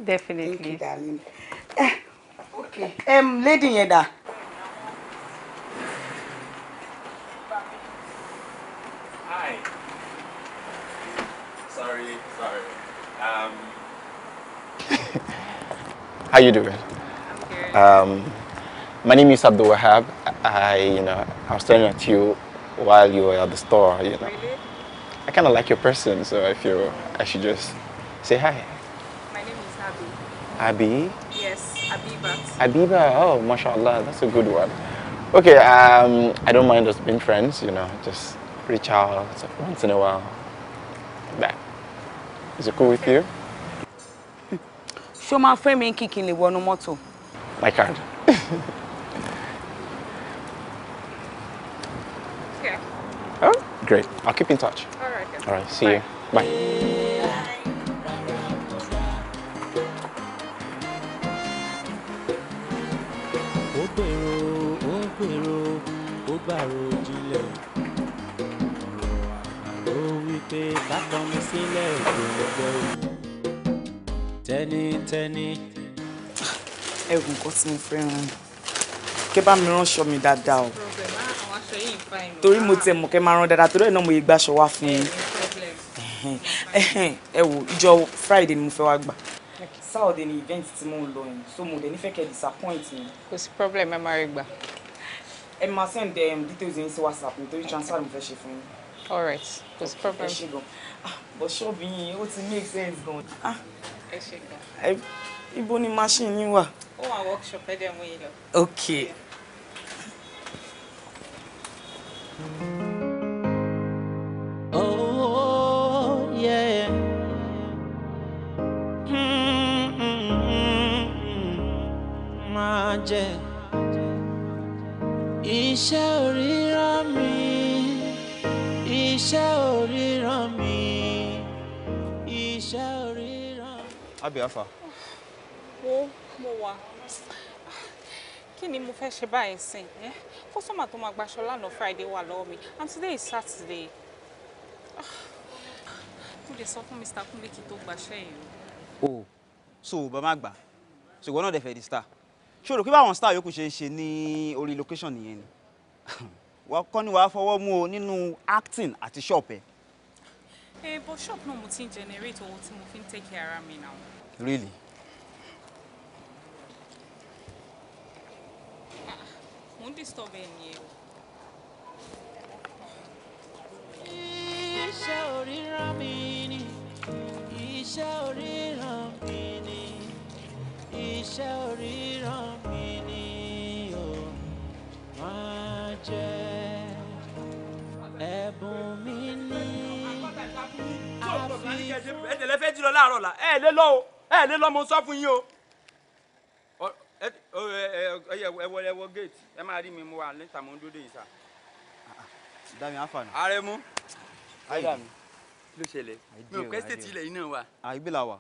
definitely thank you darling. Eh, okay um, lady yẹn dà. Hi. sorry, sorry. Um. How you doing? Um, my name is Abdul Wahab. I, you know, I was staring at you while you were at the store. You know, really? I kind of like your person, so I feel I should just say hi. My name is Abi. Abi? Yes, Abiba. Abiba. Oh, mashallah, that's a good one. Okay, um, I don't mind us being friends. You know, just reach out once in a while. That. Is it cool with you? Ṣó máa fẹ́ mi kí n lè wọnú mọ́tò? I can't. yeah. Oh, great. I'll keep in touch. All right. Good. All right. See Bye. you. Bye. Ó gbèrò, ó gbèrò, ó gbàrò. sílẹ̀ òjòjò tẹ́nitẹ́ni. ẹ̀gùn kan tí mo fẹ́ ràn kí bá mi ránṣọ mi dáadáa o torí mo tiẹ̀ mọ̀ kẹ́ máa rán dáadáa torí ẹ̀ náà mo yẹ gbàṣọ wá fún yín ẹ wò ìjọ Friday ni mo fẹ́ wá gbà Saturday ni event tí mo ń lọ yẹn so mo dẹ̀ nífẹ̀ẹ́ kẹ́ disappoint mi. kò sí problem ẹ máa rí gbà. ẹ máa send um, details yín sí WhatsApp nítorí transfer mo fẹ́ ṣe fún yín. all right kò sí problem. ẹ ṣe gan bọ́ ṣọ́ọ̀bù yìí ó ti make sense gan. Ah. ẹ ṣe gan. ibo ni machine yín wà. ó wà workshop ẹ̀dẹ̀ mú yín lọ. ok. Oh, yeah. máa mm-hmm. mi iṣẹ́ òrírá àbí afa. wo mo wà kí ni mo fẹ́ ṣe báyìí sìn ẹ́ kọ́sọ́mà tó máa gbaṣọ lánàá friday wà lọ́wọ́ mi and today is saturday mo ah, sọ fún mr kúnlé kí tó gbaṣẹ́ yìí o. o so bàmá àgbà ṣùgbọ́n náà dẹ̀ fẹ́ di star ṣòro pé báwọn star yòókù ṣe ń ṣe ní orí location nìyẹn ni wọ́n kọ́ ni wàá fọwọ́ mú o nínú acting àti shop ẹ̀. ẹ eh, bọ shop náà mo ti ń generate owó tí mo fi ń take care ara mi náà. Really? Ah, mo ń disturb ẹ ni o. Iṣẹ́ oríran mi ni, iṣẹ́ oríran mi ni, iṣẹ́ oríran láàárọ̀ la, ẹ lé lọ́mọ sọ fún yín o ẹ wọ ẹ wọ gate ẹ máa rí mi mo wà níta mo ń dúró dé yìí sà. dami afa ni. ààrẹ mú. ayé mi ló ṣẹlẹ̀ mi ò pẹ́ stéètì ilẹ̀ yìí náà wà. àyíbí la wà.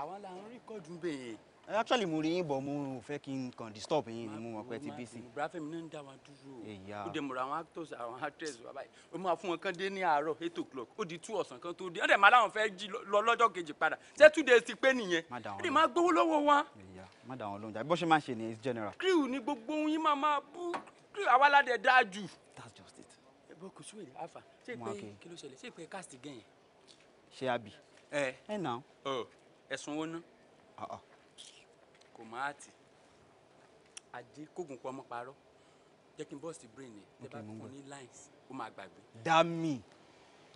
àwọn làwọn rìkọ́dù ń bẹ̀yẹn actually mo rí yín mo ò fẹ́ kí disturb yín ni mo mọ̀ pé ti bí sí. ìbúrafẹ́mi náà ń dá wọn dúró o ó dẹ̀ mọ̀rọ̀ àwọn actors àwọn actresses wa báyìí ó máa fún wọn kán dé ní o'clock ó di two ọ̀sán kan tó dé ó dẹ̀ máa láwọn fẹ́ jí lọ lọ́jọ́ kejì padà ṣé two days ti pé nìyẹn ó dẹ̀ máa gbowó lọ́wọ́ wa. má dà wọn lóhùn jàbí bó ṣe máa ń ṣe ní general. crew ni gbogbo yín máa máa bú crew àwa ládẹ dáa that's just it. ẹ bọ́ kò sí wèrè alfa ṣé ìpè kí ló ṣẹlẹ̀ ṣé ìpè cast gẹ̀yìn. ṣé àbí. ẹ ẹ nà. Oh, ẹ̀sùn wo ná. Ah, ah kò má àtì ajé kógun pọ ọmọ parọ́ jẹ́ kí n bọ́ọ̀sì brain ni tẹ bá fún ní lines ó máa gbàgbé. dá mi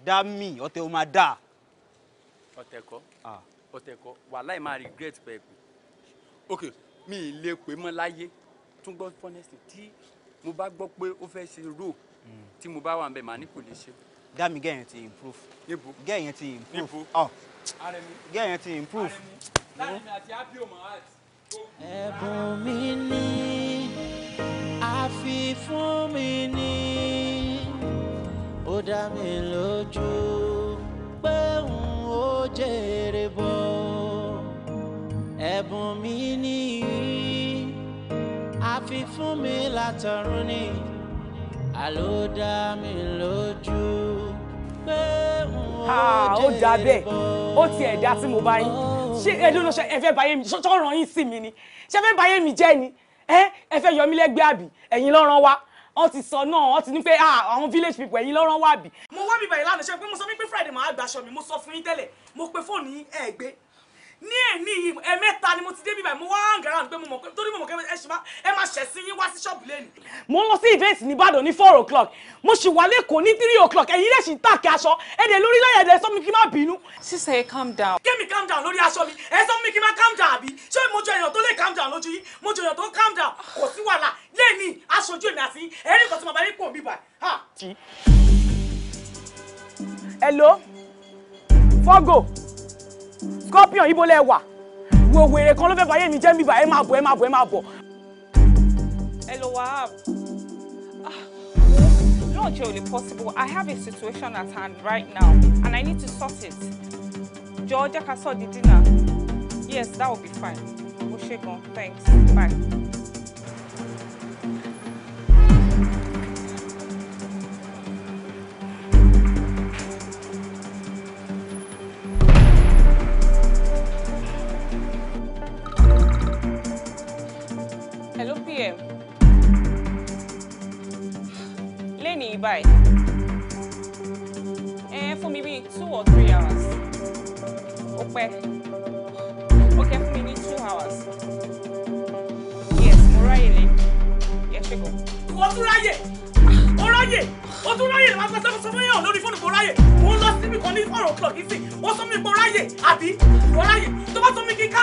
dá mi ọ̀tẹ̀ ó máa dà. ọ̀tẹ̀ kọ́ ọ̀tẹ̀ kọ́ wàláì máa regret pẹ̀ ok mi ì lè pè mọ́ láyé tún gbọ́ fọ́nẹ́sì tí mo bá gbọ́ pé ó fẹ́ ṣe rò hmm. tí mo bá wà ń màá ní kò lè ṣe. dá mi gẹ́yìn ti improve. níbo gẹ́yìn ti improve. níbo oh. gẹ́yìn ti improve. láàrin mi àti happy omo heart ẹ̀bùn mi ni àfi fún mi ni ó dá mi lójú pé n ó jèrè bọ́ ẹ̀bùn mi ni àfi fún mi látọ̀run ni bẹ́ẹ̀ ó tiẹ̀ dá tí mo bá yín ṣé ẹlú ló ṣe ẹ fẹ́ báyé mi sọ́ràn yín sí mi ni ṣé fẹ́ báyé mi jẹ́ ni ẹ fẹ́ yọ mí lẹ́gbẹ́ àbí ẹ̀yin lọ́ràn wa wọ́n ti sọ náà wọ́n ti ní pé àwọn village people ẹ̀yin lọ́ràn wa àbí. mo wá bíbá ìlànà ṣe pé mo sọ pé Friday màá gbaṣọ mi mo sọ fún yín tẹ́lẹ̀ mo pe fóònù yín ẹ̀ gbé ní èní yìí ẹ̀mẹ́ta ni mo ti dé bíbá mo wá hàn gàrà pé mo mọ̀ pé torí mo mọ̀ pé ẹ máa ṣẹ̀ sí yín wá sí ṣọ́ọ̀bù lẹ́nu. mo ń lọ sí event ní Ìbàdàn ní four o'clock mo sì wà lẹ́kọ̀ọ́ ní three o'clock ẹ̀yin lẹ̀ sì ń tàkì aṣọ ẹ̀dẹ̀ lórí láyà ẹ̀dẹ̀ sọ mi kí n má bínú. sísè é calm down. kémi calm down lórí aṣọ mi ẹ sọ mi kí n má calm down àbí ṣé mo jọ èèyàn tó lè calm down lójú yín mo jọ èèyàn tó calm down kò sí wàhálà lẹ́ẹ̀ni aṣojú èmi àti ẹ̀rí nǹkan tí mo bá ní hello fọ́gò scorpion ibo lẹ wà wo wèrè kan ló fẹ́ fàyè mi jẹ́ mi bà ẹ máa bọ̀ ẹ máa bọ̀ ẹ máa bọ̀. ẹ lọ wá lọ́ọ̀jẹ́ ò lè possible I have a situation at hand right now and I need to sort it jọ jẹ́ ká sọ di dinner yes that will be fine ó ṣe gan thanks bye. báyìí báyìí ẹ fún mi two or three hours Okay. Okay, for maybe two hours yes mo ráyè lé yẹ ṣe gan. wọ́n tún ráyè ó ráyè ó tún ráyè lọ́wọ́ pẹ́ sọ́kọ́ sọ́kọ́ yẹn lórí fóònù kò ráyè mo ń lọ síbi kan ní four o'clock yìí sí ó sọ mi kò ráyè àbí kò ráyè tó bá sọ mi kí n ká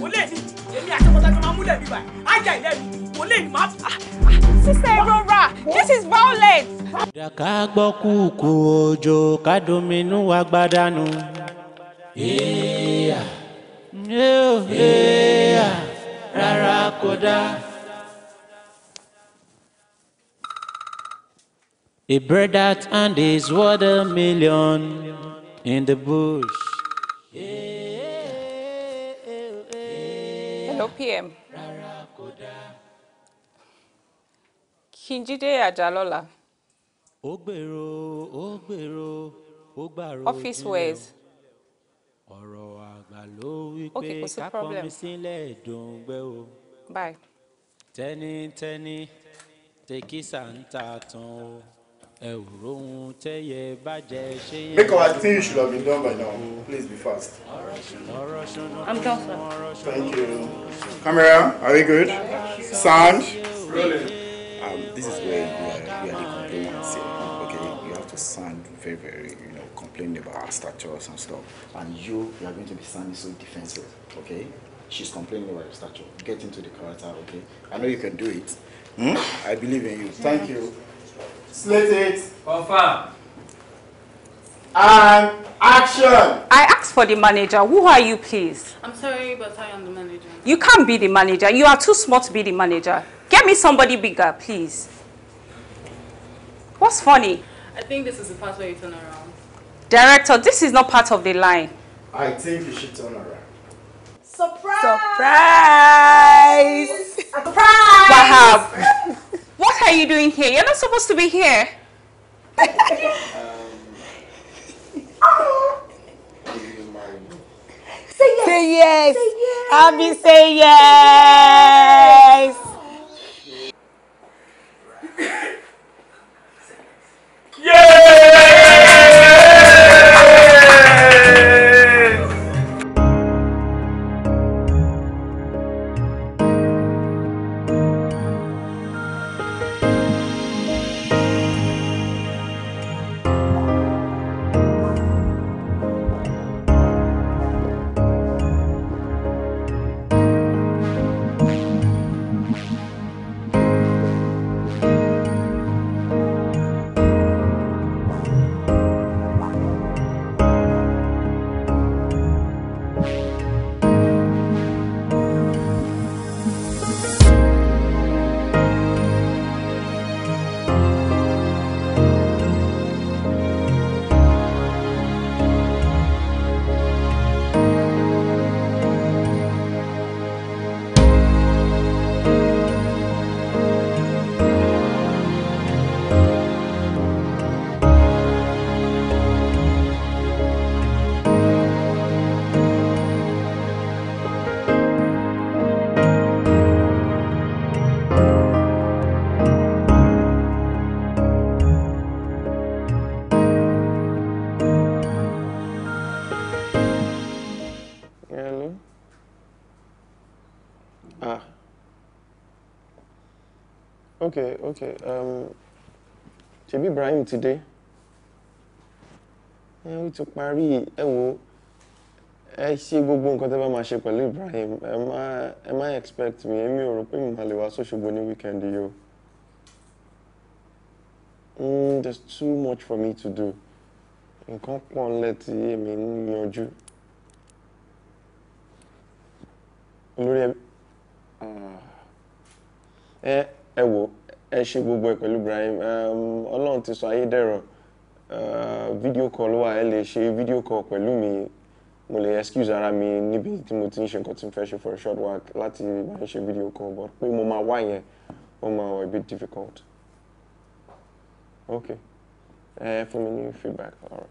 wọlé ní èmi àti ọmọ tájọ máa múlẹ̀ bíbá ajá ìlẹ́nu mo lè má. sísẹ ìrora this is violent. ìdàkà gbọ́ kúkú òjò kádominú wa gbádànù. èèyà èèyà rárá kò dáa. A brother and his watermelon in the bush. Hello, PM. Kinjide Ajalola. Ó gbèrò, ó Office wares. Ọ̀rọ̀ àgbà ló wí pé kápọ̀ sílẹ̀ dòǹgbẹ́ o. Bye. Tẹ́nitẹ́ni tèkísà ń ta tán o. Ẹ ò tẹ́yẹ bàjẹ́ ṣé yẹn. Make our thing should have been done by now. Please be fast. I'm done, sir. Thank you. Camera, are we good? Sound? Rolling um, this is where you are, you are the complainants okay? You have to sound very, very, you know, complaining about our statures and stuff. And you, you are going to be sounding so defensive, okay? She's complaining about your stature. Get into the character, okay? I know you can do it. Hmm? I believe in you. Thank you. Slate it. Confirm. And action. I asked for the manager. Who are you, please? I'm sorry, but I am the manager. You can't be the manager. You are too smart to be the manager. Get me somebody bigger, please. What's funny? I think this is the part where you turn around. Director, this is not part of the line. I think you should turn around. Surprise! Surprise! Surprise! Wahab, what are you doing here? You're not supposed to be here. um, Say yes. Say yes. Say yes. Abby, say yes. okay okay um, ṣebí Ibrahim ti dé ẹ ó ti parí ẹ wo ẹ ṣe gbogbo nǹkan tẹ́ bá máa ṣe pẹ̀lú Ibrahim ẹ má ẹ expect me? Am ò rò pé mi máa lè wá weekend you? o mm, there's too much for me to do nǹkan pọ̀ ńlẹ̀ tí èmi ń yanjú Ah. Eh. ẹ wò ẹ ṣe gbogbo ẹ pẹ̀lú Ibrahim ọlọ́run ti sọ ayé dẹ̀rọ̀ fídíò call wà ẹ lè ṣe fídíò call pẹ̀lú mi mo lè excuse ara mi níbi tí mo ti ń ṣe nǹkan tí mo fẹ́ ṣe for a short work láti máa ń ṣe fídíò call but pé mo máa wá yẹn ó máa wọ a bit difficult. ok ẹ fún mi ní feedback ọ̀rọ̀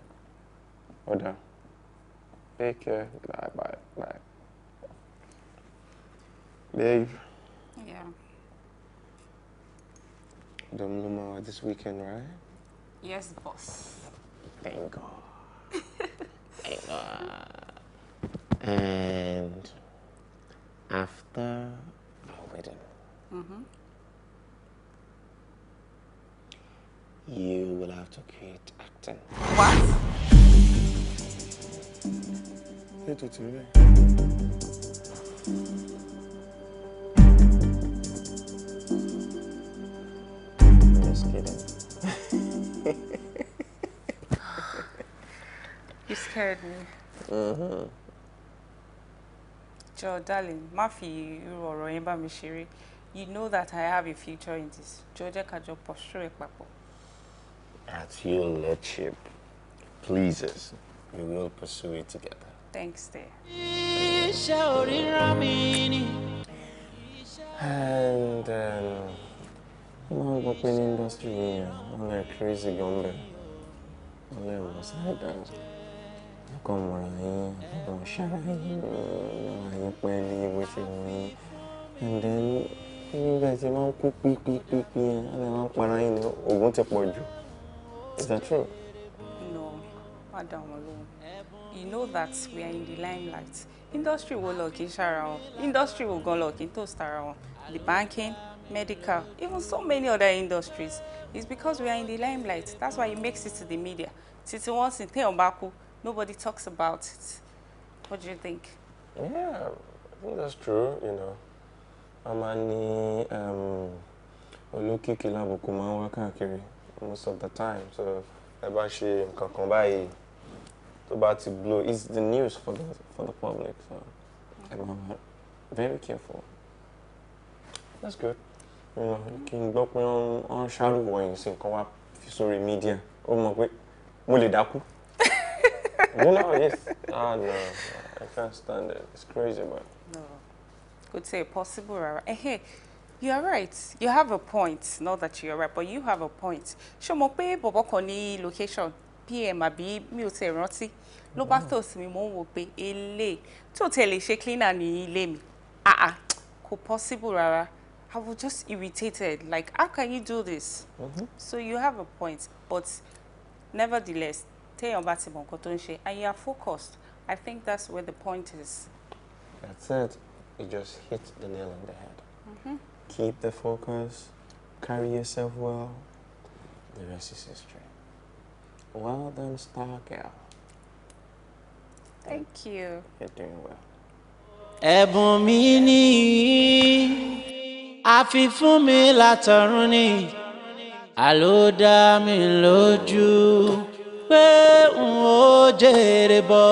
ọ̀dà take care bye bye bye. Yeah. Dom this weekend, right? Yes, boss. Thank God. Thank God. And after our wedding, mm -hmm. you will have to quit acting. What? Hey, feeling. you scared me. Uh mm-hmm. huh. Joe, darling, Mafi, you irú roemba yẹn bá You know that I have a future in this. Jọ̀ọ́ jẹ́ ká jọ pursue ẹ̀ papọ̀. At your lordship pleases, we will pursue it together. Thanks, dear. And um, ó máa ń gbọ́ pé ní industry yìí yẹn wọ́n lè crazy gan bẹ́ẹ̀ wọ́n lè wọ́n sáré dáná nǹkan mọ̀ra yín àwọn ṣára yín àwọn àyè pẹ́ẹ́lí ìwé ṣe wọ́n yín and then nígbà tí wọ́n kú pípípípí yẹn wọ́n lè máa ń para to go oògùn ti pọ̀ jù is that true? no madam alone. you know that we are in the limelight industry will lock in. n industry will go lock in. n tó the banking medical, even so many other industries. It's because we are in the limelight. That's why it makes it to the media. Since once in Teombaku, nobody talks about it. What do you think? Yeah, I think that's true, you know. Amani, um, olókìkí lábùkù máa ń wá káàkiri most of the time so ẹ bá ṣe nǹkan kan ti blow it's the news for the for the public so I'm very careful that's good kí n gbọ́ pé wọ́n ń ṣàrùwọ ẹ̀yìn sí nǹkan wá fi sórí mídíà ó mọ̀ pé mo lè dákú. you know yes ah no I can't stand it it's crazy man. no kò tẹ̀ possible rárá ẹ̀hẹ́ you are right you have a point not that you are right but you have a point ṣé mo pé bọ̀bọ̀ kan ní location pm àbí mi ò tẹ̀ rántí ló bá tò sí mi mò ń wò pé ele tí ò tẹ̀ lè ṣe cleaner ní ilé mi ah ah kò possible rárá. I was just irritated. Like, how can you do this? Mm -hmm. So you have a point, but nevertheless, take your ti and you are focused. I think that's where the point is. That's it. You just hit the nail on the head. Mm -hmm. Keep the focus. Carry yourself well. The rest is history. Well done, star girl. Thank you. You're doing well. Ebony. àfi fún mi látọ̀run ni àló dá mi lójú pé n ó jèrè bọ̀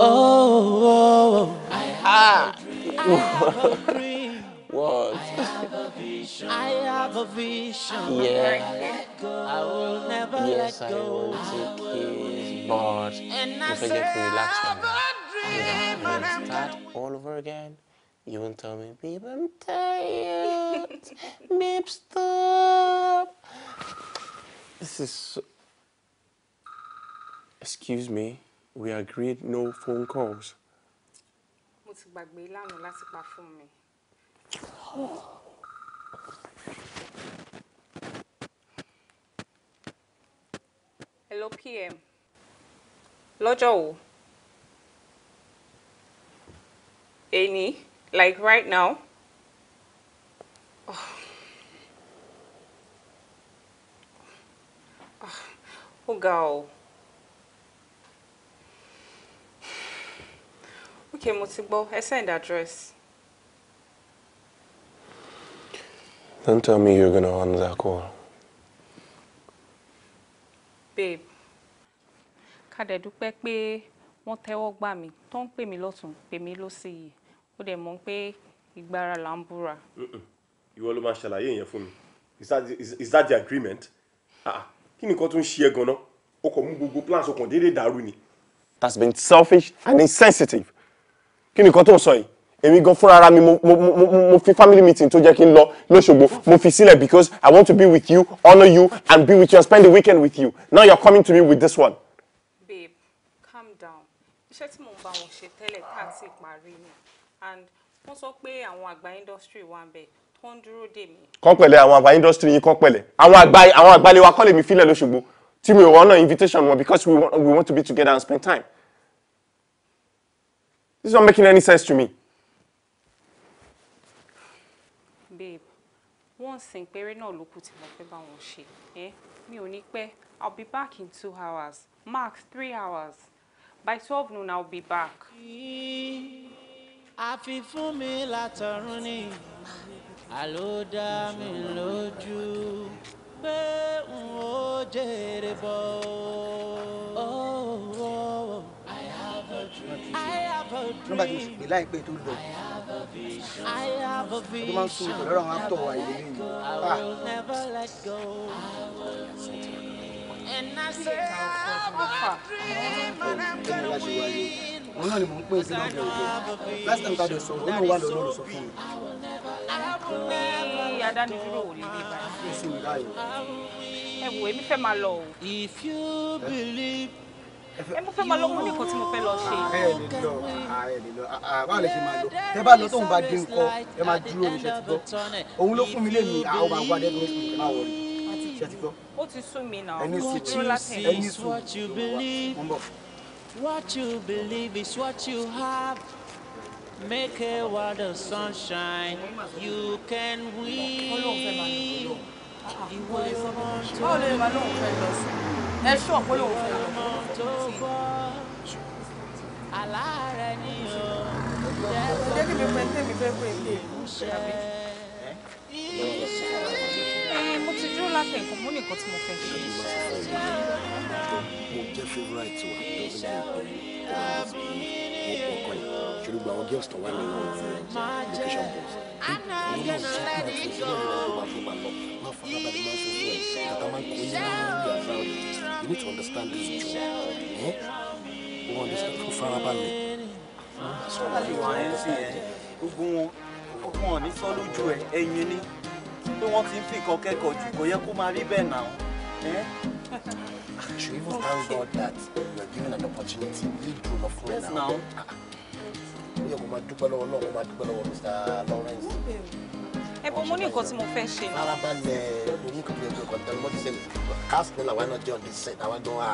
ọ́. Oh, oh, oh. What? I have a vision. I have Yeah. I will never yes, let go. I will take his board. And I said, I have a dream. And I'm going to start all over again. You won't tell me, babe, I'm tired. babe, stop. This is so... Excuse me, we agreed no phone calls. Hello PM. Lọ́jọ́ wo? like right now oh, oh, oh, ga okay mo I gbọ́ ẹ send address. Don't tell me you're gonna honor that call. Babe, ká dẹ̀ dúpẹ́ pé wọ́n tẹ́wọ́ gbà mi tó ń pè mí lọ́tún pè mí lósì ó dẹ̀ mọ̀ pé ìgbára là ń búra. ìwọ ló máa ṣàlàyé yẹn fún mi is that the, agreement ah, ah kí ni nǹkan tó ń ṣe ẹ́ ganan o kò mú gbogbo plans o kàn déédéé dàrú ni. that's been selfish and insensitive kí ni nǹkan tó ń sọ yìí èmi gan fúnra ara mi mo fi family meeting tó jẹ́ kí n lọ lọ́ṣogbo mo fi sílẹ̀ because i want to be with you honour you and be with you and spend the weekend with you now you're coming to me with this one. babe calm down iṣẹ́ tí mò ń bá wọn ṣe tẹ́lẹ̀ tá a ti parí ni and wọ́n sọ pé àwọn àgbà industry wà ń bẹ̀ tó ń dúró dè mí. kọ́ pẹ̀lẹ́ àwọn àgbà industry yìí kọ́ pẹ̀lẹ́ àwọn àgbà àwọn àgbà lè wa kọ́ lè mi fílẹ̀ lóṣogbo tí mi ò wọ́n náà invitation wọn because we want, we want to be together and spend time. This is not making any sense to me. Babe, wọ́n sìn péré náà ló kù tí mo fẹ́ bá wọn ṣe. Mi ò ní pẹ́, I'll be back in two hours, max three hours. By twelve noon, I'll be back àfi fún mi látọ̀run ni àló dá mi lójú pé n ó jèrè bọ̀ ọ́. Nọ́mbà tó sì pé láìpẹ́ tó lọ. Ọdún máa ń sún ìpè lọ́rọ̀ àwọn àtọ̀ wa yìí. Ẹ̀ná ṣe àwọn ọkọ̀ tó wà fà. Àwọn ọmọ tó òun náà ni mò ń pè é sí lọ́dọ̀ òde last time kájọ sọ̀rọ̀ ó lóun wà lọ́dọ̀ òde sọ fún mi. ní ẹ wò èmi fẹ́ máa lọ o. ẹ mo fẹ́ máa lọ mo ní nǹkan tí mo fẹ́ lọ ṣe. ẹ lè lọ ẹ lè bá dín nǹkan ẹ máa dúró ní ṣe òun ló fún mi lé mi àwọn ọba àwọn mi máa wọlé ṣe ti gbọ́. ó ti sún mi náà. sùn What you believe is what you have. Make a world of sunshine. You can win. Ìwọ yóò mọ mo ti dúró láti ẹ̀kọ́ mo ní tí mo fẹ́ ṣe. mo jẹ́ favourite wa lọ́sẹ̀ yìí àwọn girls tó wà nínú education boards. mo náà sọ pé mo ti ṣe ìwé ìwé wa fún bàbá máa fọ alábàdé máa ṣe fún ẹ tàbá máa kó yín náà ní ìgbà fáwọn you need to understand this job ẹ o understand fún farabalẹ̀. sọ́wọ́n ti wà ẹ́ sí ẹ gbogbo wọn wọn ò ní sọ lójú ẹ ẹyin ni pé wọ́n ti ń fi nǹkan kẹ́kọ̀ọ́ jù kò yẹ kó máa rí bẹ́ẹ̀ náà. I should even thank God that you are given an opportunity lead to love for yes, now. ó yẹ kó máa dúpẹ́ lọ́wọ́ náà kó máa dúpẹ́ lọ́wọ́ Mr. Lawrence. ẹ bọ mo ní nǹkan tí mo fẹ́ ṣe. farabalẹ̀ oníkùnrin ẹgbẹ́ kan tẹ́lẹ̀ mọ́ ti sẹ́yìn cast me làwọn náà jẹ́ on the set àwọn gan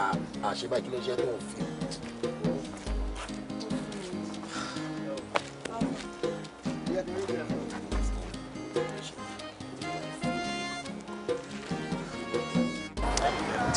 àṣebá kí ló ṣe é tó ń fi. Yeah,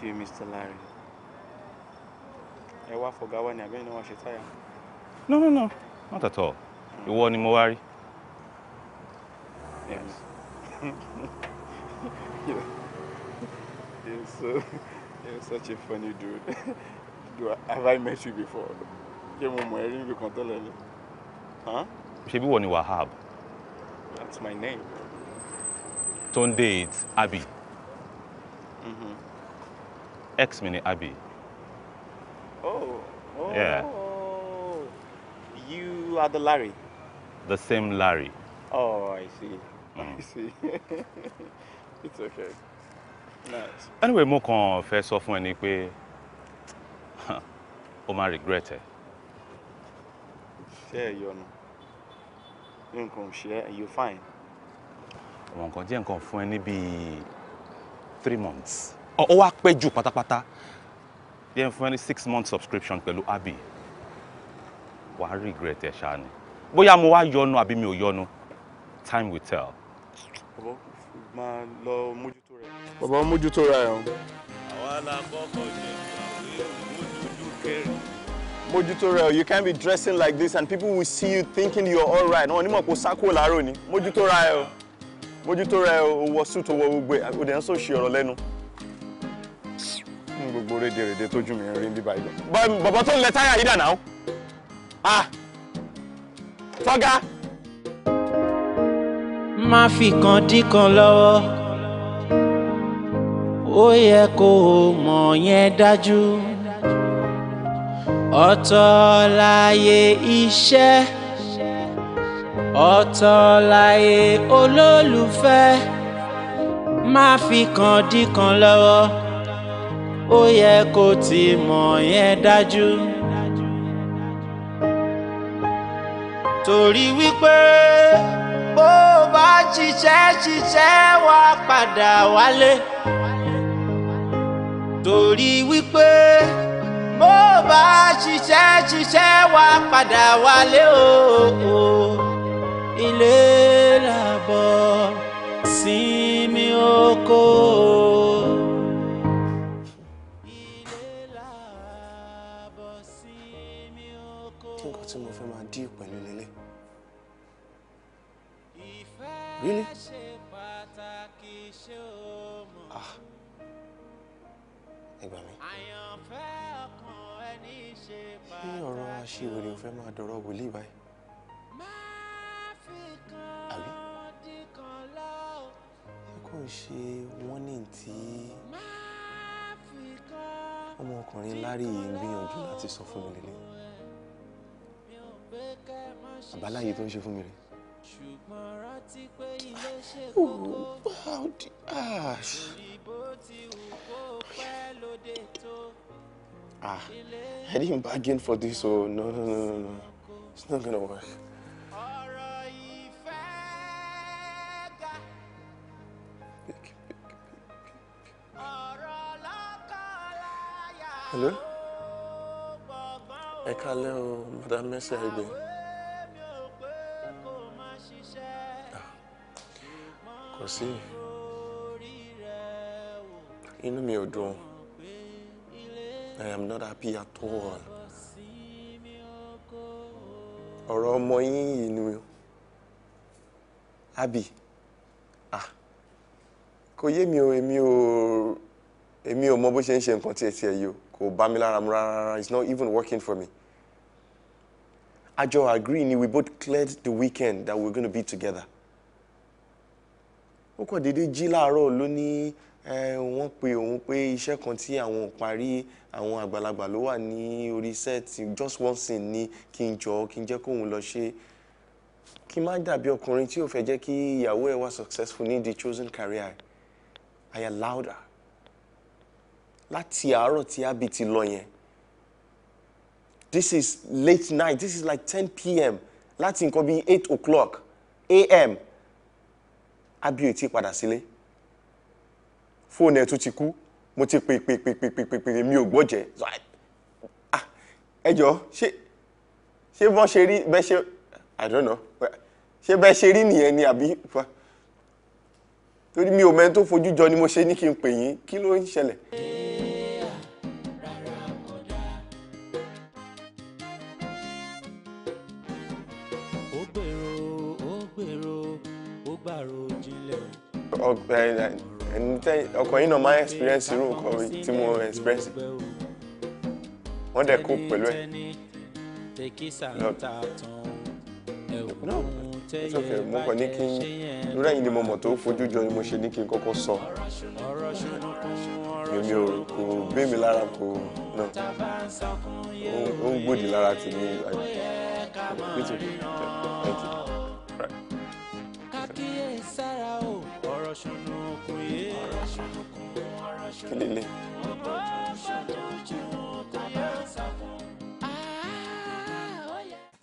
to you, Mr. Larry. Ẹ wá fọ̀gá ni àbẹ́yìn náà wá No, no, no, not at all. You want him, wá Yes. you're, you're, so, you're such a funny dude. Do I, have I met you before? Ṣé mo mọ̀ ẹ́ rí níbi kan tẹ́lẹ̀ ni? Ṣebí wọ Wahab? That's my name. Tunde Abby. Mm-hmm ex mini Abby. Oh. oh. Yeah. You are the Larry. The same Larry. Oh, I see. Mm. I see. It's okay. Nice. Anyway, mo kàn fẹ́ sọ fún ẹ ni pé o máa regret ẹ. Ṣé ẹ yọnu? Nǹkan ò share, and you fine? Mo nǹkan jẹ́ nǹkan fún ẹ ní bíi three months ó wá pẹ́ jù pátápátá yẹn fún ẹni six month subscription pẹ̀lú abi wà á regret ẹ̀ ṣáà ni bóyá mo wá yọnu àbí mi ò yọnu time will tell. bàbá máa lọ mójútó rẹ. bàbá mójútó rẹ o. àwa la kọ́kọ́ jẹ mójútó kẹrin. mójútó rẹ o you can't be dressing like this and people will see you thinking you are alright wọn ò ní mọ̀ pé o ni mójútó rẹ o mójútó rẹ o wọ suit o wọ gbogbo ẹ̀ o dẹ̀ ń sọ òṣì ọ̀rọ̀ lẹ́nu fún gbogbo rédèrèdè tójú mi rí bíbá ilẹ̀. bọ̀bọ̀ tó ń lẹ táyà yìí dà náà. ah tọ́gá. má fi kan dín kan lọ́wọ́ ó yẹ kó o mọ̀ yẹn dájú ọ̀tọ̀ láyé iṣẹ́ ọ̀tọ̀ láyé olólùfẹ́ má fi kan dín kan lọ́wọ́ ó yẹ kó ti mọ̀ yẹn dájú. torí wípé bó o bá ṣiṣẹ́ ṣiṣẹ́ wá padà wálé. torí wípé bó o bá ṣiṣẹ́ ṣiṣẹ́ wá padà wálé o ilé làbọ̀ sinmi oko. ṣé wèrè ò fẹ́ máa dọ̀rọ̀ wòlíì báyìí. àbí ẹ kò ṣe warning tí ọmọkùnrin Larry yìí ń gbìyànjú láti sọ fún mi lélẹ̀. àbáláyé tó ń ṣe fún mi rè. Oh, how did... Ah. Ah, I didn't bargain for this, so no, no, no, no, no. It's not gonna work. Hello? Ẹ kálẹ́ o, Madam Mercy Aigbe. Ah, kò sí. Inú mi ò dùn. I am not happy at all. ọ̀rọ̀ ọmọ yín yìí ni àbí ah kò yé mi o èmi o èmi ò mọ bó ṣe ń ṣe nǹkan tiẹ̀ tiẹ̀ yìí o kò bá mi lára mu rárá it's not even working for me. àjọ agree ni we both cleared the weekend that we we're gonna be together. ó kàn déédéé jí láàárọ̀ lónìí. Eh, wọ́n pe òun pé iṣẹ́ kan tí àwọn parí àwọn àgbàlagbà ló wà ní orí sẹ́ẹ̀tì just one scene ni kí n jọ kí n jẹ́ kóun lọ ṣe kí n má dàbí ọkùnrin tí ò fẹ́ jẹ́ kí ìyàwó ẹ̀ wá successful ní the chosen career I allowed her láti àárọ̀ tí Abi ti lọ yẹn this is late night this is like ten pm láti nǹkan bíi eight o'clock am Abi ò tí padà sílé fóònù ẹ̀ tún ti kú mo ti pè pè pè pè pè pè mi ò gbọ́jẹ̀ ah, ẹ jọ ṣé ṣé bọ́n ṣe rí bẹ́ẹ̀ ṣe i don't know ṣé bẹ́ẹ̀ ṣe rí nìyẹn ni àbí torí mi ò mẹ́ni tó fojú jọ ni mo ṣe ní kí n pè yín kí ló ń ṣẹlẹ̀. ó gbèrò ó gbàrò jinlẹ̀ ọkọ yìí náà máa ń experience irú nǹkan tí mo experience wọ́n dẹ̀ kó pẹ̀lú ẹ̀ sọfẹ mo kàn ní kí n lórí ẹ̀yin ni mo mọ̀ tó fojú jọ ni mo ṣe ní kí n kọ́kọ́ sọ èmi ò kò gbé mi lára kò náà ó ń gbòdì lára tèmi àìsàn. kí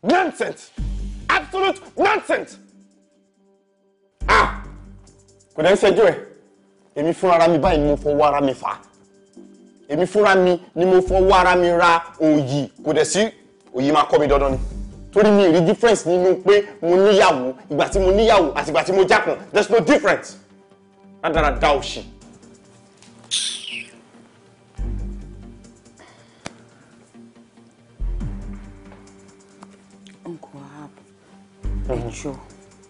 nonsense absolute nonsense ah kò dẹ́ ṣẹ́jú ẹ̀ èmi fún ara mi báyìí ni mo fọwọ́ ara mi fà èmi fúnra mi ni mo fọwọ́ ara mi ra òyì kò dẹ̀ sí òyì máa kọ́ mi dandan ni torí mi rí difference nínú pé mo níyàwó ìgbà tí mo níyàwó àti ìgbà tí mo jákun there's no difference rádaràda òṣì. ẹ jọ̀ọ́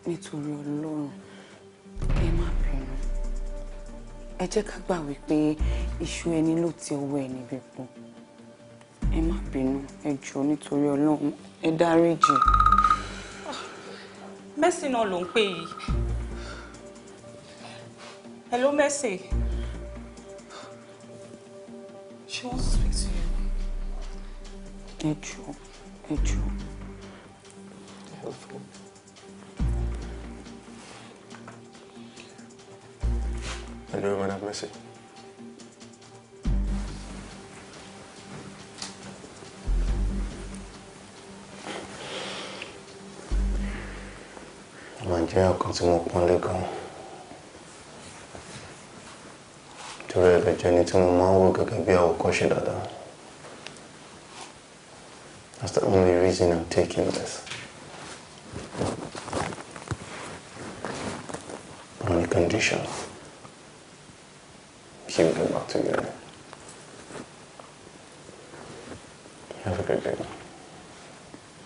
nítorí Ọlọ́run ẹ má bínú ẹ jẹ́ ká gbà wípé iṣu ẹni ló ti ọwọ́ ẹni bípo ẹ má bínú ẹ jọ̀ọ́ nítorí Ọlọ́run ẹ dáríjì. mẹ́sì náà ló ń pè yìí hello mẹ́sì she wants to speak to helpful. Hello, Madame Massé. Màá jẹ́ ọ̀kan tí mo me lé gan-an. Torí ẹ̀rọ jẹ́ ẹni tí mo máa ń wò gẹ́gẹ́ bí àwòkọ́ṣe dáadáa. That's the only reason I'm taking this. Only condition. ago. Have a good day.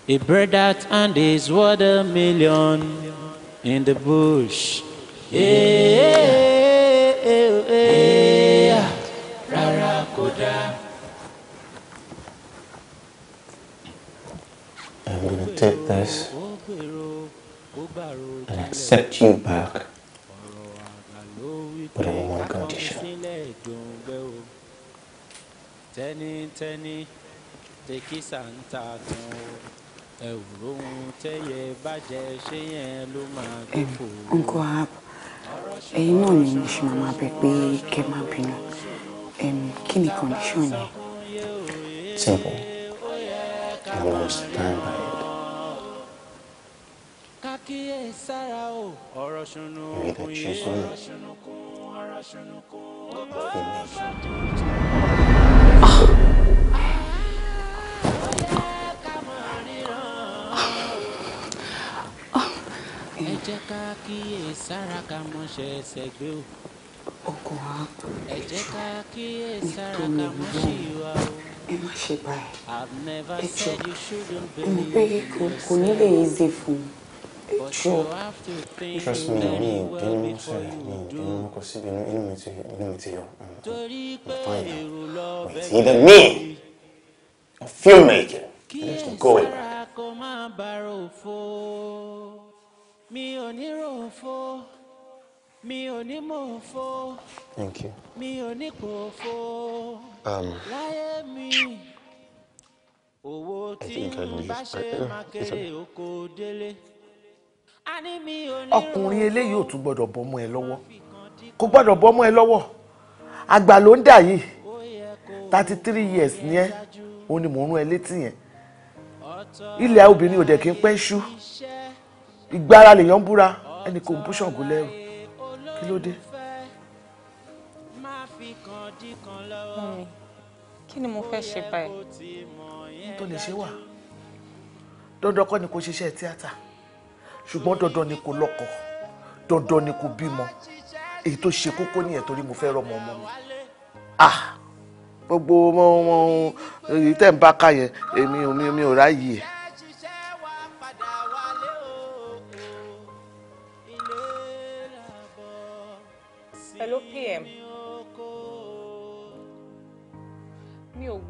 He bred out and is worth a million in the bush. Yeah. tẹkísà ń ta tán o ẹ̀wùrọ̀ ohun tẹ́yẹ bàjẹ́ ṣé yẹn ló máa gbòkó. nǹkan app ẹ̀yin náà ni mo ṣe máa bẹ pé kẹ́ má bínú kí ni condition yẹn. simple I will stand by it. kákíyèsára o ọ̀rọ̀ ṣùnú òkun yìí. ká mọ́ṣẹ́ ẹsẹ̀ gbé o. ọkùnrin ẹ jẹ́ ká kíyèsára ká mọ́ṣẹ́ ìwà o. ẹ má ṣe báyìí ẹ jọ mo pé kò ní lè easy fún un. True. Trust me, mi ìbínú mi ìbínú mi kò sí ìbínú inú mi ti inú mi ti yọ. I'm mm, mm, mm, fine now. But it's either me or filmmaking. I just go away back mi ò ní ròfo mi ò ní mòfo thank you mi ò ní pòfo um, láyé mi owó tí n bá ṣe máa kéré oko délé. ọkùnrin eléyìí ò tún gbọ́dọ̀ bọ́mọ ẹ lọ́wọ́ kò gbọ́dọ̀ bọ́mọ ẹ lọ́wọ́ àgbà ló ń dà yìí thirty three years ni ẹ òun ni mò ń rún ẹ létí yẹn ilẹ̀ obìnrin ò dẹ̀ kí n pẹ́ ṣú ìgbára lèèyàn ń búra ẹnì kò ń bú ṣọ̀gùn lẹ́rù kí ló dé. mọ̀mí kí ni mo fẹ́ ṣe báyìí. n tó lè ṣe wà dandan kọ́ ni kò ṣiṣẹ́ tíátà ṣùgbọ́n dandan ni kò lọ́kọ dandan ni kò bímọ èyí tó ṣe kókó nìyẹn torí mo fẹ́ rọmọ ọmọ mi. ah gbogbo ohun tẹ́ ń bá káyẹ̀ èmi ò ráyè ẹ̀.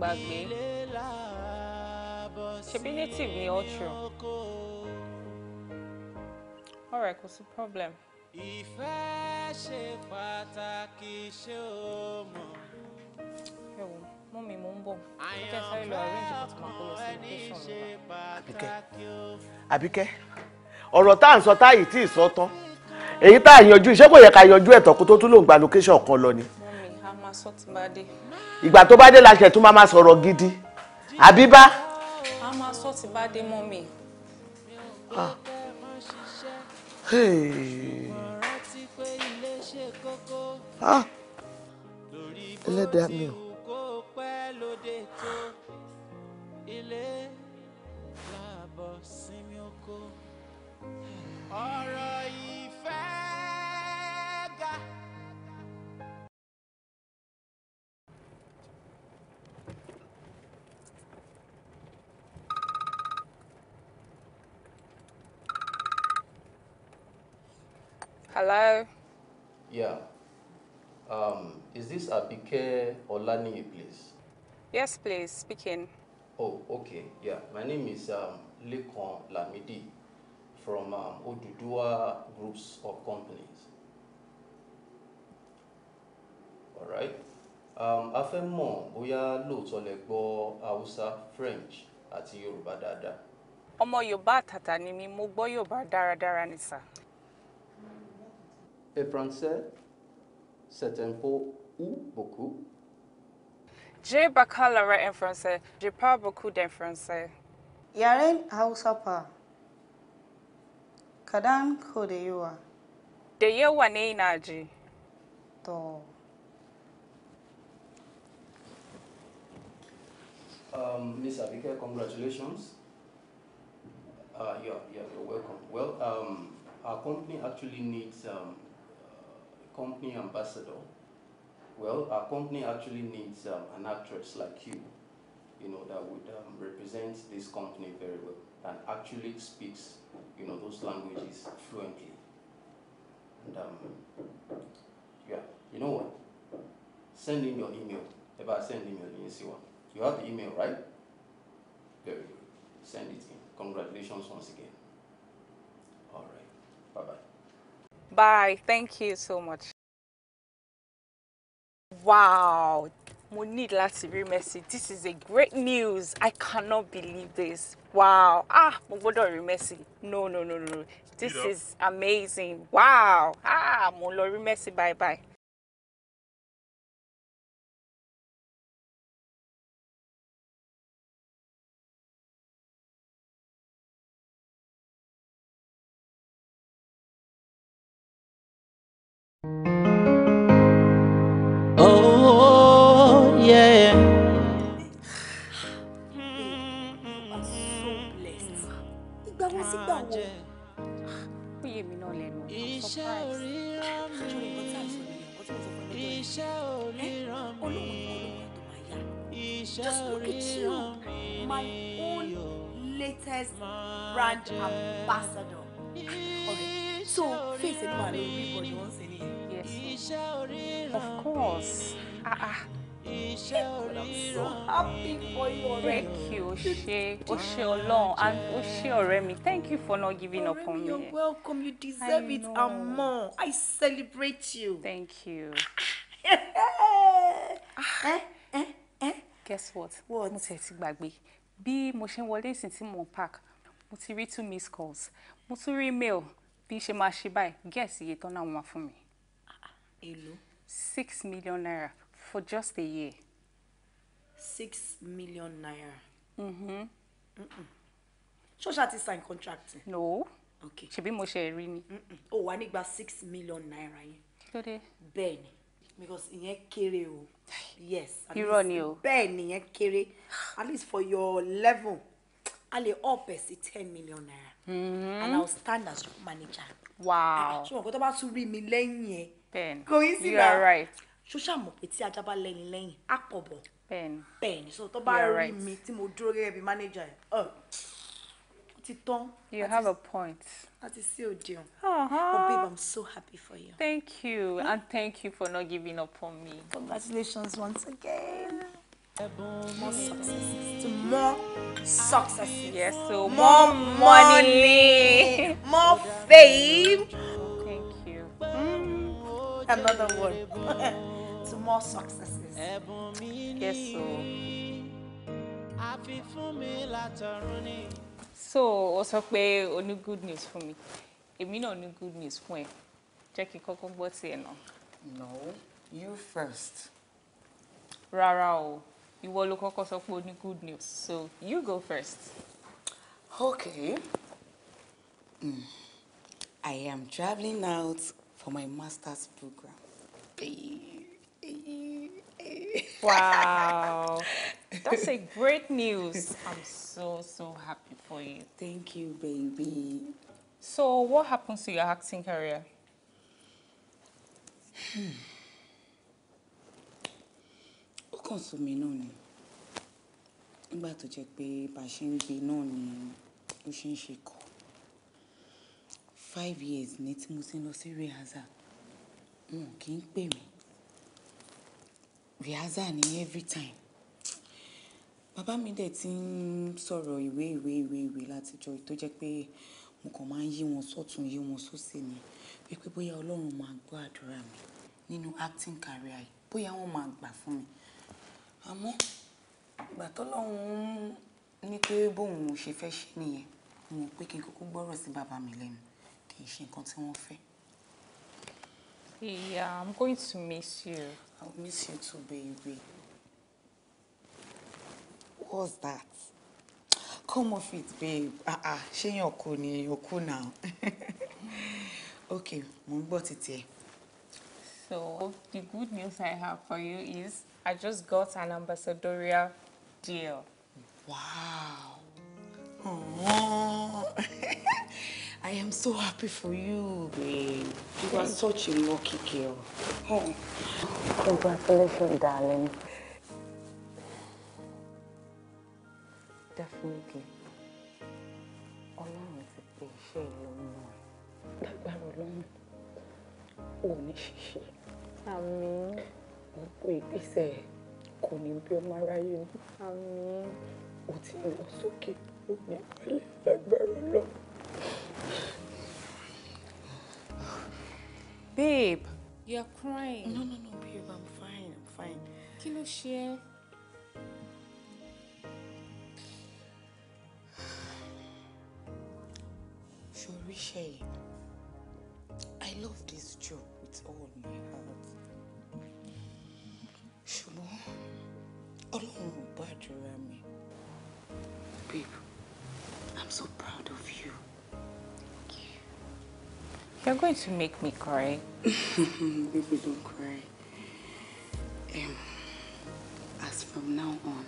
gbàgbé ṣebí native ni ultra alright kò sí problem. ìfẹ́ ṣe pàtàkì ṣé o mọ̀. ẹ wo mú mi mò ń bọ̀ ó jẹ́ sáré lọ arrange kó tó location wa. àbíkẹ́ àbíkẹ́ ọ̀rọ̀ tá à ń sọ táyì tí ì sọ tán èyí tá à yanjú iṣẹ́ kò yẹ ká yanjú ẹ̀tọ́ kó tó tún lòún gba location kan lọ ni. mọ́mi a máa sọ ti bá dé ìgbà tó bá dé la ṣe tún máa sọ̀rọ̀ gidi àbí bá. a máa sọ ti bá dé mọ́ mi. Ah. Ah. ẹlẹ́dàá mi ò. ọ̀rọ̀ ah. Hello? Yeah. Um, is this Abike Olaniyi, please? Yes, please. Speaking. Oh, okay. Yeah. My name is um, Lekon Lamidi from um, Oduduwa Groups of Companies. All right. Um, a fẹ́ mọ̀ bóyá lóòótọ́ lẹ gbọ́ Hausa, French àti Yorùbá dáadáa. Ọmọ Yorùbá àtàtà ni mi mo gbọ́ Yorùbá dáradára ni sà et français, c'est un peu ou beaucoup. J'ai baccalauréat en français. Je parle beaucoup de français. Yaren Hausa pa. Kadan ko da yawa. Da yawa ne na ji. To. Um, Miss Abike, congratulations. Uh, you're, you're welcome. Well, um, our company actually needs um, company ambassador, well, our company actually needs um, an actress like you, you know, that would um, represent this company very well, and actually speaks, you know, those languages fluently. And um, yeah, you know what? Send him your email. About send him your email. You have the email, right? Very good. Send it in. Congratulations once again. All right. Bye bye. Bye. Thank you so much. Wow. Mo need láti rí Mercy. This is a great news. I cannot believe this. Wow. Ah, mo gbọ́dọ̀ rí Mercy. No, no, no, no. This is amazing. Wow. Ah, mo lọ rí Mercy. Bye bye. business brand ambassador. okay. So face it man, everybody wants in it. Yes. Of course. Ah ah. so Thank you, Oshe. Oshe and Oshe Thank you for not giving Oremi, up on me. You're welcome. You deserve it and more. I celebrate you. Thank you. Eh, eh, eh, eh. Guess what? What? bí mo ṣe ń wọlé ìsìn tí park mo ti rí two missed calls mo tún rí mail bí ṣe máa ṣe báyìí guess iye tán náà wọ́n fún mi. èló. six million naira for just a year. six million naira. Mm-hmm. Mm-mm. ṣọ́ṣà ti sign contract. no ṣebí mo ṣe rí ni. o wà nígbà six million naira yẹn. kí ló dé. bẹ́ẹ̀ ni because ìyẹn kéré o yes irọ́ ni o bẹ́ẹ̀ nìyẹn kéré at least for your level a lè up ẹ̀ sí ten million naira mm-hmm. and i will stand as your manager wow ah, ṣé wọn kò tó bá tún rí mi lẹ́yìn ẹ̀ bẹ́ẹ̀ni kò you are right ṣóṣà mọ̀ pé tí ajá bá lẹ́ni lẹ́yìn á pọ̀ bọ̀ bẹ́ẹ̀ni bẹ́ẹ̀ni so tó bá rí mi tí mo dúró gẹ́gẹ́ bí manager ẹ̀. Uh, ti tán. you have a point. àti sí òde o. Uh-huh. oh babe i'm so happy for you. thank you hmm? and thank you for not giving up on me. congratulations once again. More successes. To more successes. Yes, so more, more money. money. more fame. Thank you. Mm. Another one. to more successes. Yes, so so o sọ pé o ní good news fún mi èmi náà ní good news fún ẹ jẹ́ kí n kọ́kọ́ gbọ́ tiẹ̀ náà. no you first. rárá o ìwọ ló kọ́kọ́ sọ pé o ní good news so you go first. okay mm. i am traveling out for my master's program. Wow. That's a great news. I'm so, so happy for you. Thank you, baby. So what happens to your acting career? Hmm. Ó kàn sún mi náà ni. Nígbà tó jẹ́ pé bá a ṣe ń gbé náà ni ó ṣe ń ṣe kọ́. Five years ní tí mo ti ń lọ sí rehearsal, wọn kì í pè mí rehearsal ni every time bàbá mi dẹ̀ ti ń sọ̀rọ̀ ìwé ìwé ìwé ìwé látijọ́ tó jẹ́ pé mo kàn máa ń yí wọn sọ́tún yí wọn sósì ni wípé bóyá ọlọ́run máa gbọ́ àdúrà mi nínú acting career yìí bóyá wọ́n máa gbà fún mi àmọ́ ìgbà tọ́lọ́run ní pé bóun mo ṣe fẹ́ ṣe nìyẹn mo mọ̀ pé kí n kúkú gbọ́rọ̀ sí bàbá mi lẹ́nu kì í ṣe nǹkan tí wọ́n fẹ́. Yeah, I'm um, going to miss you. I'll miss you too, baby. What's that? Come off it, babe. Ah uh ah, -uh. your cool, ọkọ ni ọkọ now. Okay, mo bought it here. So, the good news I have for you is I just got an ambassadorial deal. Wow. so happy for you, babe. You are such a lucky girl. Hey. Congratulations, darling. Definitely. Ọlọ́run ti pè iṣẹ́ ìlọ́mọ ẹ̀. Lágbára Ọlọ́run, ò ní ṣiṣẹ́. Àmín. Gbogbo ìgbésẹ̀ kò ní bí ọmọ aráyé ni. Àmín. Ó ti lọ sókè, ó ní ìpínlẹ̀ lágbára Ọlọ́run. Babe, you're crying. No, no, no, babe, I'm fine, I'm fine. Kí ló ṣe é? I love this job with all my heart. Ṣùgbọ́n Ọlọ́run ò gbàdúrà mi. Babe, I'm so proud of you. You're going to make me cry. Baby, don't cry. Um, as from now on,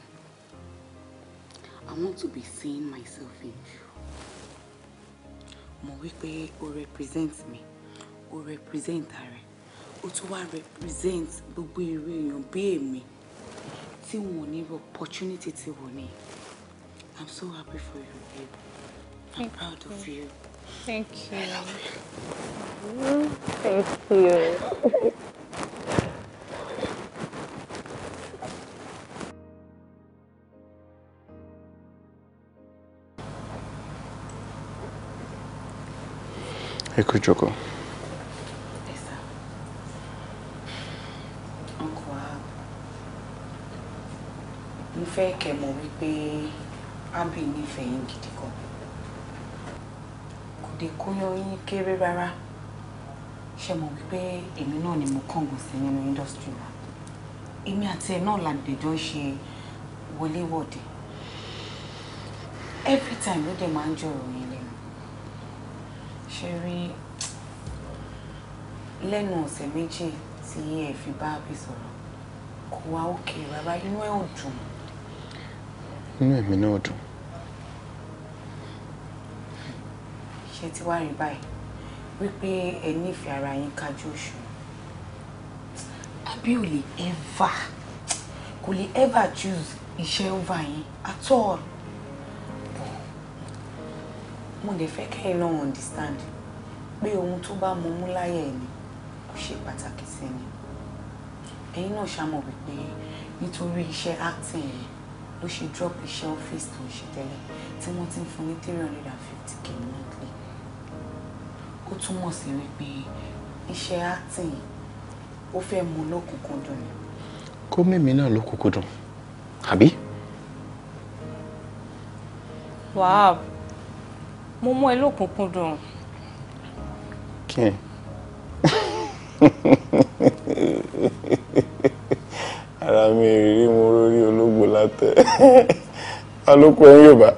I want to be seeing myself in you. Mo wí represents me, o represent ara, o tún wá represent gbogbo me. èèyàn bí opportunity tí wọ́n I'm so happy for you, babe. I'm proud of you. Thank you. I love you. Mm, thank you. Ẹ kú ìjókòó. Mo fẹ́ kẹ́ mọ̀ wípé Abby nífẹ̀ẹ́ yín gidi gan ìkóyan yín kéré rárá ṣe mọ̀ wípé èmi náà ni mo kàngùn sí nínú indọ́sítírì wa èmi àti ẹ̀ náà làdèjọ́ ṣe wọléwọ̀de every time ló dẹ̀ máa ń jọ ìròyìn lẹ́nu ṣe rí lẹ́nu ọ̀sẹ̀ méjì tí ẹ fi bá bí sọ̀rọ̀ kò wá òkè rárá inú ẹ̀ ò dùn. inú ẹ̀mí náà dùn. ṣe ti wá rí báyìí wípé ẹ nífẹ̀ẹ́ ara yín kájú oṣù àbí ò lè ever kò lè ever choose iṣẹ́ over yín at all mo lè fẹ́ kẹ́yìn náà understand pé ohun tó bá mọ mú láyé ẹ̀ ni kò ṣe pàtàkì sí ni ẹ̀yin náà ṣàmọ̀ wípé nítorí iṣẹ́ acting yẹn ló ṣe drop iṣẹ́ office tó ń ṣe tẹ́lẹ̀ tí wọ́n ti ń fún ní three hundred and fifty k monthly ó túmọ̀ sí wípé iṣẹ́ acting ó fẹ́ mú lọ́kùnkúndùn ni. kó mímí náà lọ́kùnkúndùn àbí. wàá mo mú ẹ lọ́kùnkúndùn. kí ni. ara mi rírí mo rórí ológbò látẹ alóko ẹ ń Yorùbá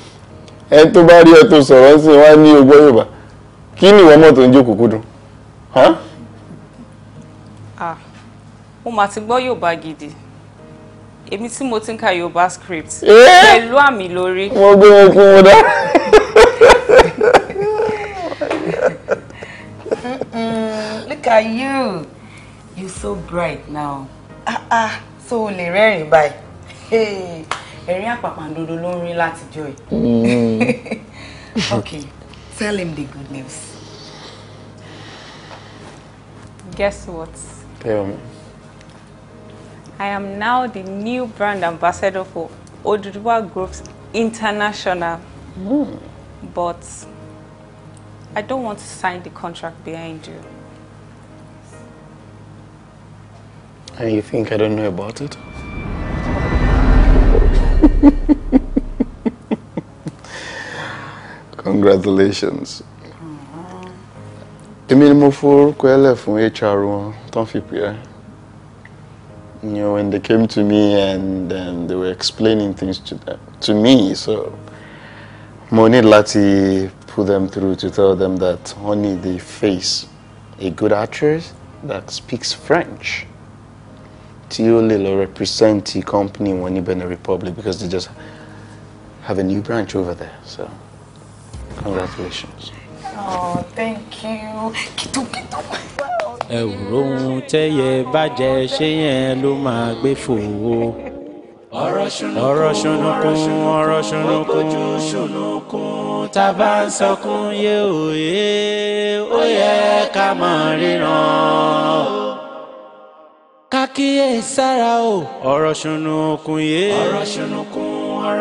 ẹ tó bá rí ẹ tó sọ̀rọ̀ ń sìn wá ní ogbó Yorùbá kí ni ìwọ mọ́tò ń jókòó kúdùn. Ah, mo mà ti gbọ́ Yorùbá gidi èmi tí mo ti ń ka Yorùbá script eh? pẹ̀lú àmì lórí. mo gbé wọn kí wọn dá. Look at you you so bright now ah ah so o lè rẹ́rìn-ín báyìí ẹ̀rín àpàpàǹdodo ló ń rí látijọ́ ẹ̀ mm. okay. Tell him the good news. Guess what? Tell me. I am now the new brand ambassador for Oduduwa Group's International. Mm. But I don't want to sign the contract behind you. And you think I don't know about it? congratulations. èmi ni mo forúkọ ẹlẹ̀ fún HR wọn tán fi pè é. You know, when they came to me and, and um, they were explaining things to them, to me, so mo ní láti put them through to tell them that honey, they face a good actress that speaks French tí ó lè lọ represent the company wọn ní Benin Republic because they just have a new branch over there. So. Congratulations. Oh, thank you. Kitu, kitu. Ẹ̀wùrọ̀ ohun tẹ́yẹ bàjẹ́ ṣé yẹn ló máa gbé fòwò. Ọ̀rọ̀ ṣùnùkùn, ọ̀rọ̀ ṣùnùkùn, ojú ṣùnùkùn, tá a bá ń sọkún yé òye, ó yẹ ká máa ríran. Ká kíyè sára o, ọ̀rọ̀ ṣùnùkùn yé. Ọ̀rọ̀ ṣùnùkùn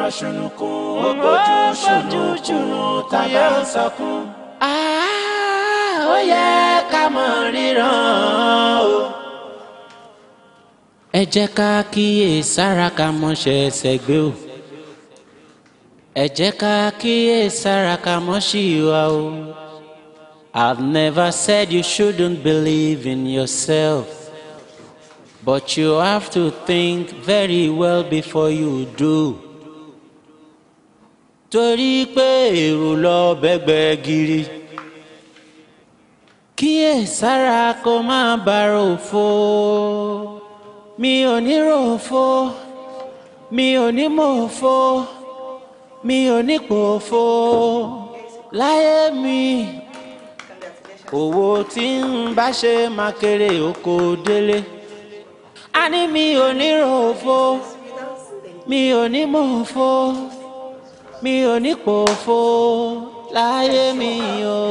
sunukun ogójú sunukun táyà ń sọkún. Ah, ó yẹ ríran o. ẹ jẹ́ ká kíyè sára ká mọ̀ṣẹ́ ẹsẹ̀ gbé o. ẹ jẹ́ ká kíyè sára ká mọ̀ṣí wa o. I've never said you shouldn't believe in yourself. But you have to think very well before you do torí pé èrò lọ bẹ́gbẹ́ gírí kíyè sára kó má bàrò fo mi ò ní rò fo mi ò ní mò fo mi ò ní pò fo láyé mi owó tí ń bá ṣe máa kéré oko délé a ní mi ò ní rò fo mi ò ní mò fo mi ò ní pòfo láyé mi o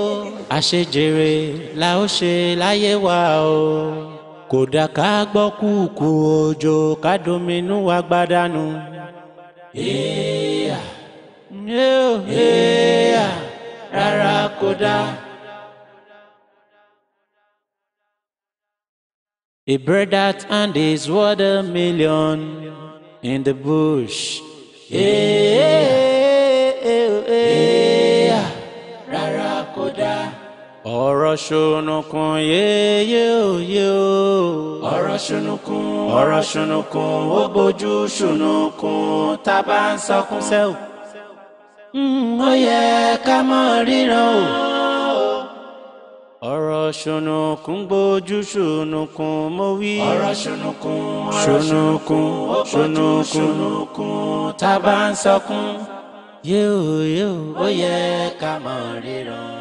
àṣejèrè la ó ṣe láyé wa o kódà ká gbọ́ kúkú òjò ká dominú wa gbádànù. èèyà èèyà rárá kódà. A bird that and is worth a million in the bush. Yeah èèyà rárá kò dáa. ọ̀rọ̀ ṣonùkùn yéye òye o. ọ̀rọ̀ ṣonùkùn ọ̀rọ̀ ṣonùkùn ó bójú ṣonùkùn tá a bá ń sọkún sẹ́wọ̀. Hmm, ó yẹ ká mọ̀ ríran o ọ̀rọ̀ ṣùnùkùn gbójú ṣùnùkùn mo wí. ọ̀rọ̀ ṣùnùkùn ọ̀rọ̀ ṣùnùkùn ṣùnùkùn ṣùnùkùn tá a bá ń sọkún you, yóò ó yẹ ká mọ̀ ríran.